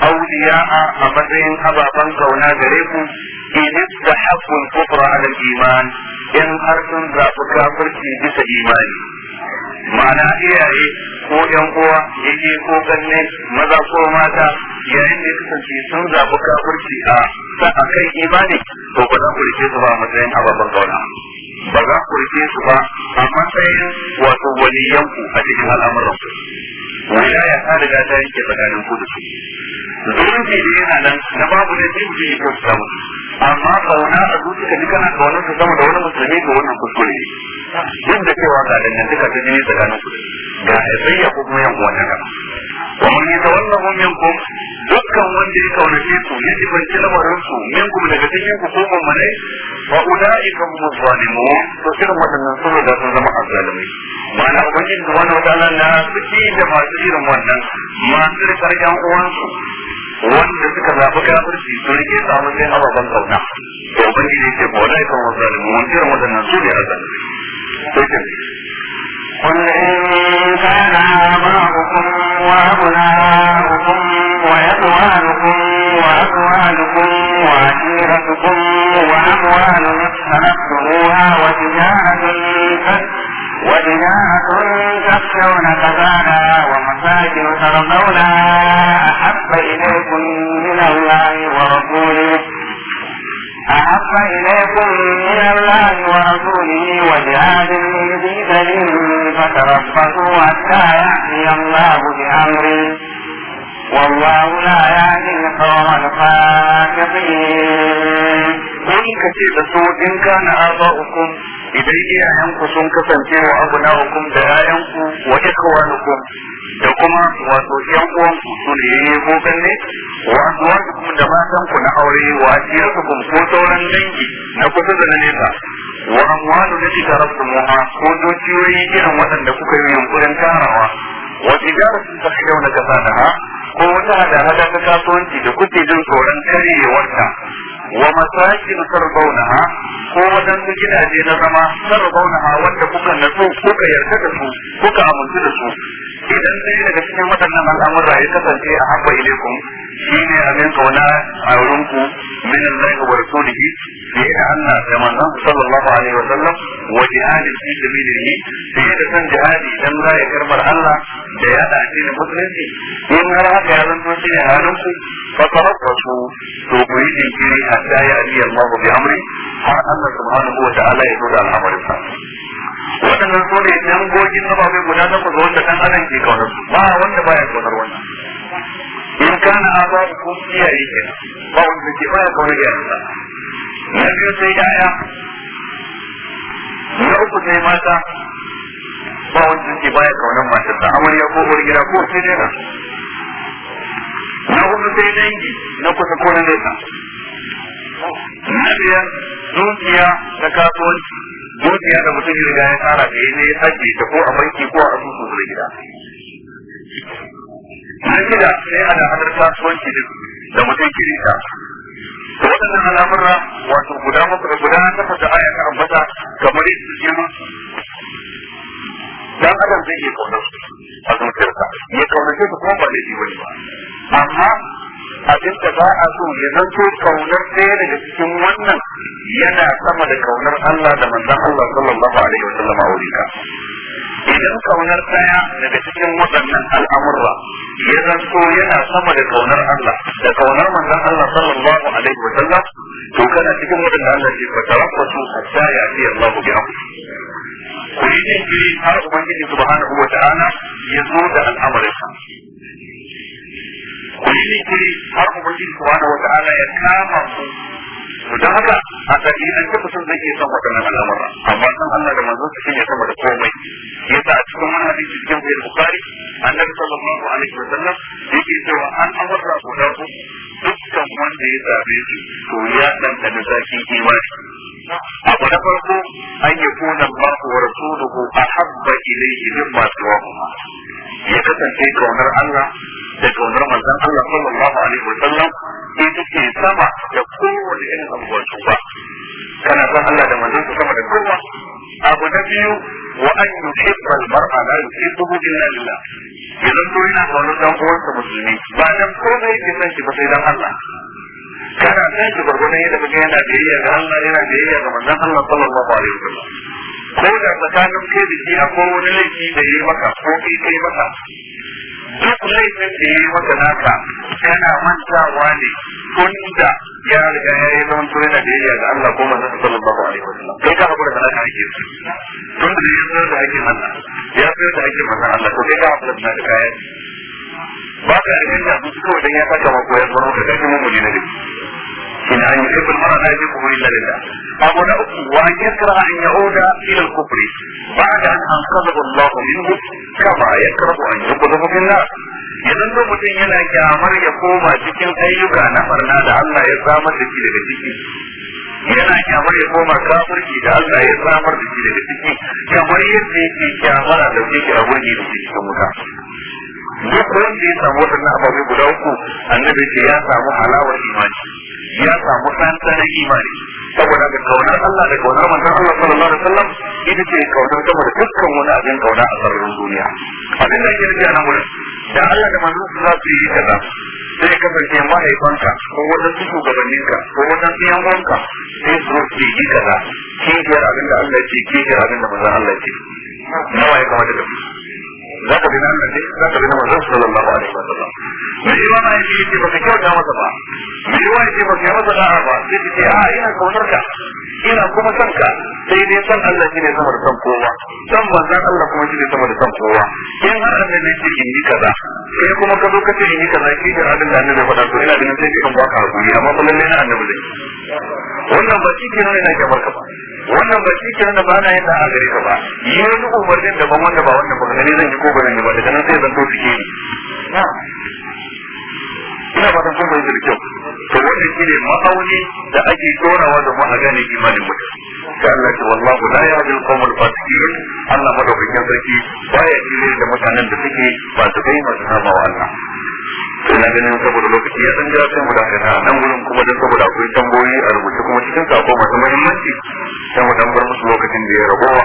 [SPEAKER 2] awliya'a a matsayin ababen kauna gare ku in da al-kufra ala iman in har sun zafi kafirci bisa imani ma'ana iyaye ko yan uwa yake ko ganne maza ko mata yayin da ce sun zafi
[SPEAKER 1] kafirci a sa akan imani to ba za ku rike su ba a matsayin ababen kauna ba za ku rike su ba a matsayin wato waliyanku a cikin al'amuran wilaya ta riga ta yanke tsakanin ku da su da zumunci da yana nan na babu da zai yi ya su amma kauna a zuciya duka na kauna su sama da wani musulmi ko wannan kuskure duk da cewa ga dangantaka ta jini tsakanin su ga isaiya ko kuma yan uwan haka wa man yatawallahu minkum dukkan wanda ya kaunace su ya ji
[SPEAKER 2] banci lamarin su minkum daga cikin ku ko mamane wa ulaika hum zalimu to irin waɗannan sun da sun zama azzalimai ma'ana ubangiji da wannan ta'ala na suke da masu irin wannan masu karkan uwan su wanda suka zaɓi kafirci
[SPEAKER 1] sun rike samun sai ababen kauna to ubangiji ke kona ikon wasu mun irin waɗannan su ne azalimai قل إن كان آباؤكم وأبناؤكم
[SPEAKER 2] وإخوانكم وأزواجكم وعشيرتكم وأموال اقترفتموها وتجارة تخشون وجناة تخشون كفاها ومساجد ترضونها أحب إليكم من الله ورسوله أحب إليكم من الله ورسوله وجهاد في سبيله فتربصوا حتى يأتي الله بأمره والله لا يهدي القوم الفاسقين قل كثير سوء إن كان آباؤكم idan iyayenku sun kasance wa abu na hukum da yayanku wa ikwanukum da kuma wato yan uwanku su ne yayi ko ganne wa azwajukum
[SPEAKER 1] da matanku na aure wa asiratukum ko sauran dangi na kusa da na nesa wa amwalu da tarattumuha ko waɗanda kuka yi yunkurin tarawa na gasa da ha? wata da hadaka kasuwanci da kuke jin tsoron wata wa masakin sarbaunaha ko waɗansu gidaje na zama sarbaunaha wanda kuka natsu kuka yarda da su kuka amintu da su idan sai daga cikin waɗannan al'amura ya kasance a haɓa ilaikum shi ne abin kauna a wurinku min Allah wa rasulihi fiye da Allah da manzon sallallahu alaihi wasallam
[SPEAKER 2] wa jihadi fi sabilihi fiye da san jihadi dan ya karbar Allah da ya da addinin musulunci in har haka ya zama shi ne halin ku fa tarabbasu
[SPEAKER 1] to ku yi jinkiri a ya ali Allah bi amri har Allah subhanahu wa ta'ala ya zo da al'amarin sa waɗannan so ne dangogin na babai guda takwas wanda kan adam ke kaunar su ba wanda baya kaunar wannan in kana ba ku iyaye kenan ba wanda ke baya kaunar iyayensa
[SPEAKER 2] na biyu sai yaya na uku sai mata
[SPEAKER 1] ba wanda yake baya kaunar matar sa amarya ko gida ko sai dai na
[SPEAKER 2] na hudu sai dangi
[SPEAKER 1] na kusa ko na nesa na biyar dukiya ta kasuwanci dukiya da mutum ya riga ya tsara da ne ya sake ta ko a banki ko a asusu da gida na shida sai hada hadar kasuwanci da mutum ke waɗannan al'amura wato guda bakwai guda na da aya ta ambata kamar yadda shi ma dan adam zai iya kaunar su a zuciyarsa ya kaunace su kuma ba laifi wani ba amma abin da ba a so ya
[SPEAKER 2] zanto kaunar ɗaya daga cikin wannan yana sama da kaunar Allah da manzon Allah sallallahu alaihi wa sallam a wurinka idan kaunar daya daga cikin waɗannan
[SPEAKER 1] al'amurra ya so yana sama da kaunar Allah da kaunar manzon Allah sallallahu alaihi wa sallam to kana cikin waɗanda Allah ke fatara ko su hatta ya fi Allah bi amri ku yi jinkiri har ubangiji subhanahu wa ta'ala ya zo da al'amarinsa ku yi jinkiri har ubangiji subhanahu wa ta'ala ya kama ku to dan haka a ɗabi'an ta kusan zai iya son waɗannan al'amura amma
[SPEAKER 2] san Allah da manzon sa shine sama da komai yasa a cikin wani hadisi cikin sahih bukhari annabi sallallahu alaihi wasallam yake cewa an amurra guda ku dukkan wanda ya sabe su to ya dan da zaki imani abu na farko an yi yakuna Allah wa rasuluhu ahabba ilayhi mimma siwahuma ya
[SPEAKER 1] kasance kaunar Allah da kaunar manzon Allah sallallahu alaihi wa sallam sai take sama da kowane irin abubuwan ba kana son Allah da manzon sama da kowa abu na biyu wa an yuhibba al-mar'a la yuhibbu illa lillah idan to yana kaunar dan uwansa musulmi ba dan komai yake son shi ba sai dan Allah kana san shi gurgurdan yadda kaga yana biyayya ga Allah yana biyayya ga manzon Allah sallallahu alaihi wa sallam ko da tsakanin ke da shi ko wani laifi
[SPEAKER 2] da yi maka ko kai ke maka duk laifin da yi maka naka yana mantawa ne
[SPEAKER 1] tunda ya riga ya yi zaman turai na biyayya da Allah ko manzon sa sallallahu alaihi wasallam kai ka hakura da naka ake su tun da ya zo da ake mana ya zo da ake mana Allah ko kai ka hakura da naka kaya ba ka riga da su kawai dan ya saka mako ya zama ka kai mu ne ne إن أن يحب المرء لا يحبه إلا لله أبو نأكل وأن يكره أن يعود
[SPEAKER 2] إلى الكفر بعد أن أنقذه الله منه كما يكره أن يقذف في النار idan lokacin yana kyamar ya koma cikin ayyuka na barna da Allah ya samar da shi daga ciki yana kyamar ya koma kafirci da Allah ya samar
[SPEAKER 1] da shi daga ciki kyamar yadda yake kyamar a dauke shi a wani da cikin wuta duk wanda ya samu wata na ababe guda uku annabi ce ya samu halawar imani ya samu tsarin imani saboda ga kaunar Allah da kaunar manzon Allah sallallahu alaihi wasallam ita ce kaunar ta da dukkan wani abin kauna a sararin duniya
[SPEAKER 2] abin da yake nufi a nan wurin da Allah da manzon za su yi kaza sai ya kasance mahaifanka ko wajen su shugabanninka ko wajen siyan wanka sai su su yi kaza kejiyar abin da Allah ce
[SPEAKER 1] kejiyar abin da manzon Allah ce nawa ya kamata da su za ka bi na Allah ne za ka bi na manzon sallallahu alaihi wasallam mai yiwa ma yake yake baka kyauta masa ba mai yiwa ba baka masa da'a ba sai ka ce a ina kaunar ka ina kuma son ka sai dai son Allah shine sama da son kowa son manzon Allah kuma shine sama da son kowa in har Allah ne yake in yi kaza sai kuma ka zo ka ce yi kaza shi ne abin da annabi ya faɗa to ina ganin sai ka baka hakuri amma kuma ne na annabi ne
[SPEAKER 2] wannan ba shi ke
[SPEAKER 1] nuna ina kyamar ka ba wannan ba shi ke nuna ba na yin da'a gare ka ba yi wani umarnin wanda ba wannan ba ne zan yi ko ba zan ba daga nan sai zanto suke yi ina fatan kun fahimta da kyau to wannan ne ma'auni da ake tsorawa da mu a gane imanin mutum sai Allah ce wallahu la ya jil qawmul fasiqin Allah da madaukakin sarki baya jire da mutanen da suke ba su kai masu saba wa Allah to na ganin saboda lokaci ya san jira sai mu dakata nan gurin kuma dan saboda akwai tamboyi a rubuce kuma cikin sako masu muhimmanci sai mu dan bar musu lokacin da ya ragowa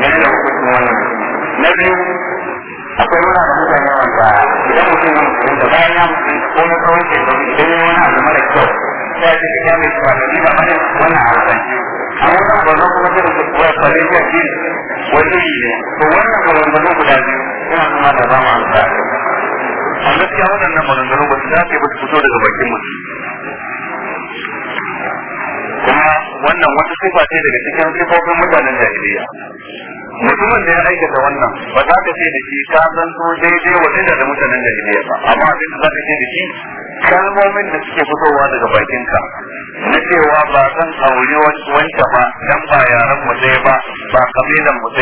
[SPEAKER 2] game da hukuncin wannan na biyu akwai wani abu da yawan da idan mutum ya mutum da bayan ya ko na tsawon shekaru idan ya wani abu mara kyau sai a ce ka kyame ba da ni ba mana wannan abu da amma wannan kuma sai da kuwa kwale ya ce wani yi ne to wannan guda biyu suna kuma da ba mu amsa
[SPEAKER 1] a gaskiya waɗannan maganganu ba su su fito daga bakin mutum kuma wannan wata sifa ce daga cikin sifofin mutanen jahiliya mutumin da ya aikata wannan ba za ka ce da shi ka so daidai wa da mutanen jahiliya ba amma abin da za ka ce da shi kalmomin da suke fitowa daga bakinka na cewa ba zan aure wancan ba dan ba yaran mu ba ba kabilan mu ba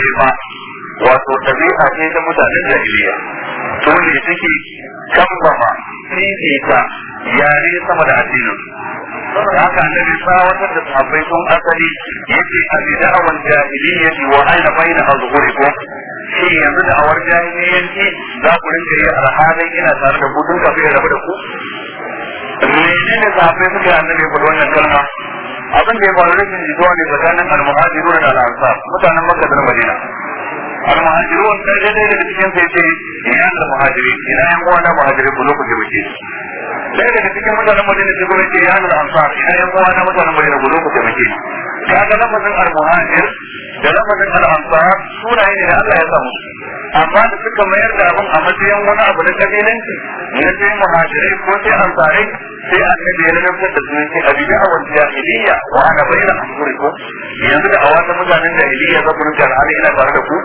[SPEAKER 1] wato ɗabi'a ce ta mutanen jahiliya to ne take kambama fifita yare sama da addinin haka annabi tsawatar da sahabbai sun asali yace a bida'awar jahiliyyati wa aina baina
[SPEAKER 2] azhurikum shi yanzu da awar ne za ku rinka yi alhalin ina tare da ku duka kafin ya rabu da ku menene sahabbai suka annabi ya wannan kalma
[SPEAKER 1] abin da ya faru rashin jituwa ne tsakanin al-muhajirun da al mutanen makka da madina almuhajirun sai dai dai daga cikin sai ce ina da muhajiri ina yan uwa na muhajiri ku lokaci muke dai daga cikin mutanen madina sai kuma ce ya na ansar ina yan uwa na mutanen madina ku lokaci muke kaga lafazin almuhajir da lafazin al'ansar sunaye ne da Allah ya samu amma da suka mayar da abin a matsayin wani abu na kabilanci ne sai muhajirai ko sai ansarai sai annabi ya lantar da a bibi abi da'awar jahiliya wa ana bayyana amuriku yanzu da awa ta mutanen jahiliya za ku rinka al'ada ina tare da ku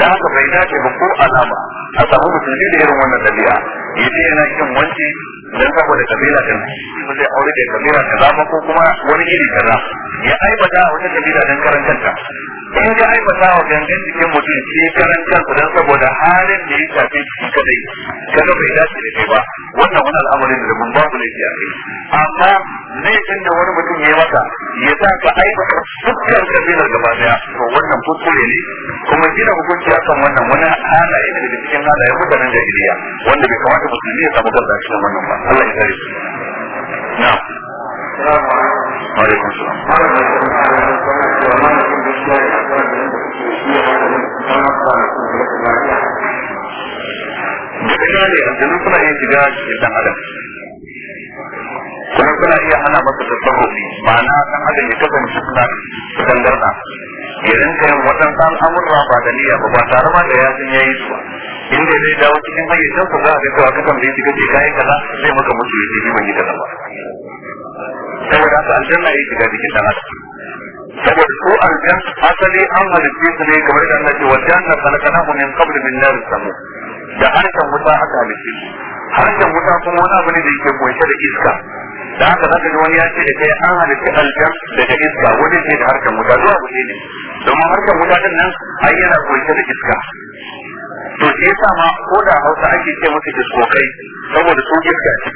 [SPEAKER 1] da haka bai dace ba ko alama a samu musulmi da irin wannan dabi'a ce yana kin wanci dan saboda kabila kan kuma sai aure da kabila kaza ba ko kuma wani iri kaza ya aibata a wata kabila dan karantanta in ga aibata wa gangan jikin mutum shi karantar ku dan saboda halin da ya shafe shi kadai kaga bai dace da kai ba wannan wani al'amarin da mun babu laifi a amma
[SPEAKER 2] laifin da wani mutum ya yi
[SPEAKER 1] maka ya sa ka aikata dukkan kabilar gaba daya to wannan kuskure ne kuma gina hukunci kan wannan wani halaye ne daga cikin halayen mutanen jahiliya wanda bai kamata musulmi ya samu kansa cikin wannan ba Allah ya tare su na'am alaikum
[SPEAKER 3] salam da
[SPEAKER 1] ne gane aljannu suna yin shiga cikin dan adam kuma kuna iya hana masa tasarrufi ma'ana kan adam ya kasance suna cikin garda ya rinka yin waɗansu al'amurra ba da niyya ba ba tare ma da ya san yayi su inda zai dawo cikin hayyacin ku za a ga cewa kasan bai shiga cikin kayan kaza zai maka musu ya ce ban yi kaza ba saboda haka aljanna ya shiga cikin dan adam saboda ko aljan asali an halitta su ne kamar da Allah ce wa janna khalaqnahu min qabl min nar samu da harshen wuta aka halitta harshen wuta kuma wani abu ne da yake kunshe da iska da haka zaka ga wani ya ce da kai an halitta aljan daga iska wani ce da harkar wuta zuwa wuri ne
[SPEAKER 2] domin harkar wuta din nan ayyana yana da iska to shi yasa ma ko da hausa ake ce masa diskokai
[SPEAKER 1] saboda su iska ce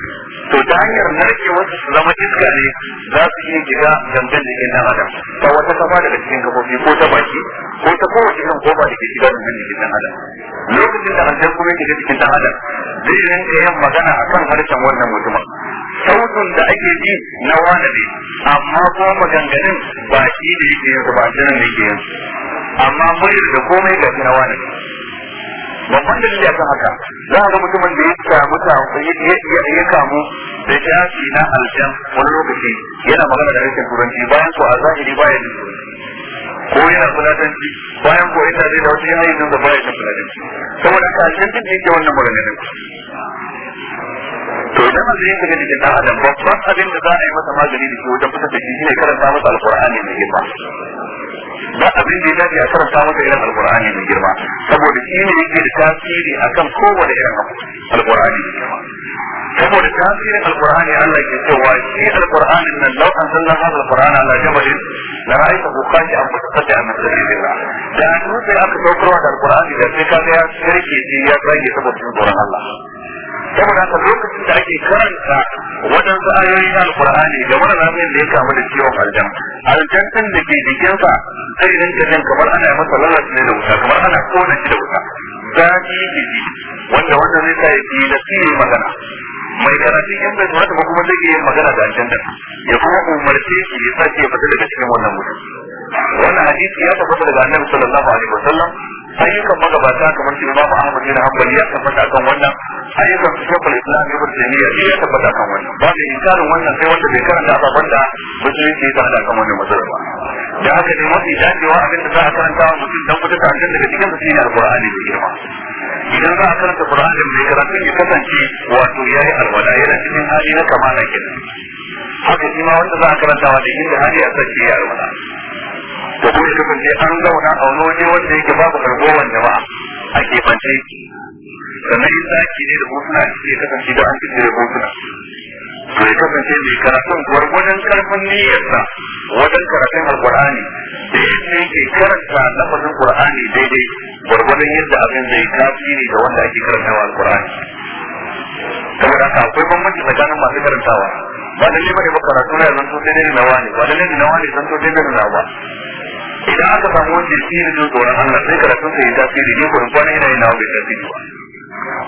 [SPEAKER 1] to ta hanyar narke wasu su zama iska ne za su iya gida gangan jikin dan adam ba wata kafa daga cikin kafofi ko ta baki ko ta kowace irin ba da ke shiga gangan jikin dan adam lokacin da hanzar kuma ke cikin dan adam zai rinka yin magana akan harshen wannan mutumin sautin da ake ji na wani ne amma kuma maganganun ba shi da yake yin ba shi ne yake yin amma mai da komai ga na wani ne babban dalili akan haka za a ga mutumin da ya samu ya kamu da shafi na aljan wani lokaci yana magana da rashin turanci bayan ko a zahiri baya da ko yana fulatanci bayan ko ita zai da wata yanayin nan da baya da fulatanci saboda ka aljan duk yake wannan maganganun to idan an zai kaga jikin dan adam babban abin da za a yi masa magani da shi wajen fitar da shi shine karanta masa alqur'ani ne ba ba abin da ya dace a karanta masa irin alqur'ani mai girma saboda shi ne yake da tasiri akan kowane irin alqur'ani mai girma saboda tasirin alqur'ani Allah ke cewa shi alqur'anin nan lau an san hadha alqur'ana ala jabalin la ra'aita buqati an mutasaddi an sabilillah da an nufi aka saukarwa da alqur'ani da sai ka ga ya shirke shi ya zage saboda tsoron Allah saboda haka lokacin da ake karanta waɗansu ayoyi na alkur'ani da wani ramin da ya kamu da ciwon aljan aljantan da ke jikin sa, sai rinka jin kamar ana yi masa lalas ne da wuta kamar ana kona shi da wuta zafi yake ji wanda wanda zai sa ya fi da magana mai karatun yan bai tsorata ba kuma zai iya magana da aljantan ya kuma umarce shi ya sake ya fita daga cikin wannan mutum wannan hadisi ya tabbata daga annabi sallallahu alaihi wasallam ayyukan magabata kamar shi Imam Ahmad bin Hanbal ya tabbata kan wannan ayyukan Shaykhul Islam Ibn Taymiyyah shi ya tabbata kan wannan ba da inkarin wannan sai wanda bai karanta ababan da yake ya tabbata kan wannan matsalar ba da haka ne mafi dacewa abin da za a karanta wa mutum dan fita kan daga cikin musulmi alqur'ani da girma idan za a karanta qur'ani mai karatu ya kasance wato yayi alwala yana cikin hali na kamala kenan haka shi ma wanda za a karanta wa da yin da hali a sake ya alwala da kuma shi kasance an zauna a wani waje wanda yake babu ragowar jama'a a keɓance sannan in zaki ne da hotuna a ya kasance da an fitar da hotuna to ya kasance mai karatun gwargwadon karfin niyyarsa
[SPEAKER 2] wajen karatun alkur'ani da yadda yake karanta lafazin ƙurani daidai gwargwadon yadda abin zai tasiri da wanda ake karantawa alkur'ani
[SPEAKER 1] kamar haka akwai bambanci tsakanin masu karantawa ba da ne bane ba karatu na yanzu sai dai na wani ba da ne na wani san to dai na ba idan aka samu wanda tsiri ne tsoron Allah sai karatu sai ya tasiri ne kurin kwana yana yana bai tasiri ba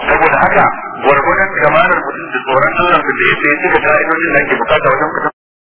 [SPEAKER 1] saboda haka
[SPEAKER 3] gwargwadon kamanar mutum da tsoron Allah da ya sai suka ta'idodin da ke bukata wajen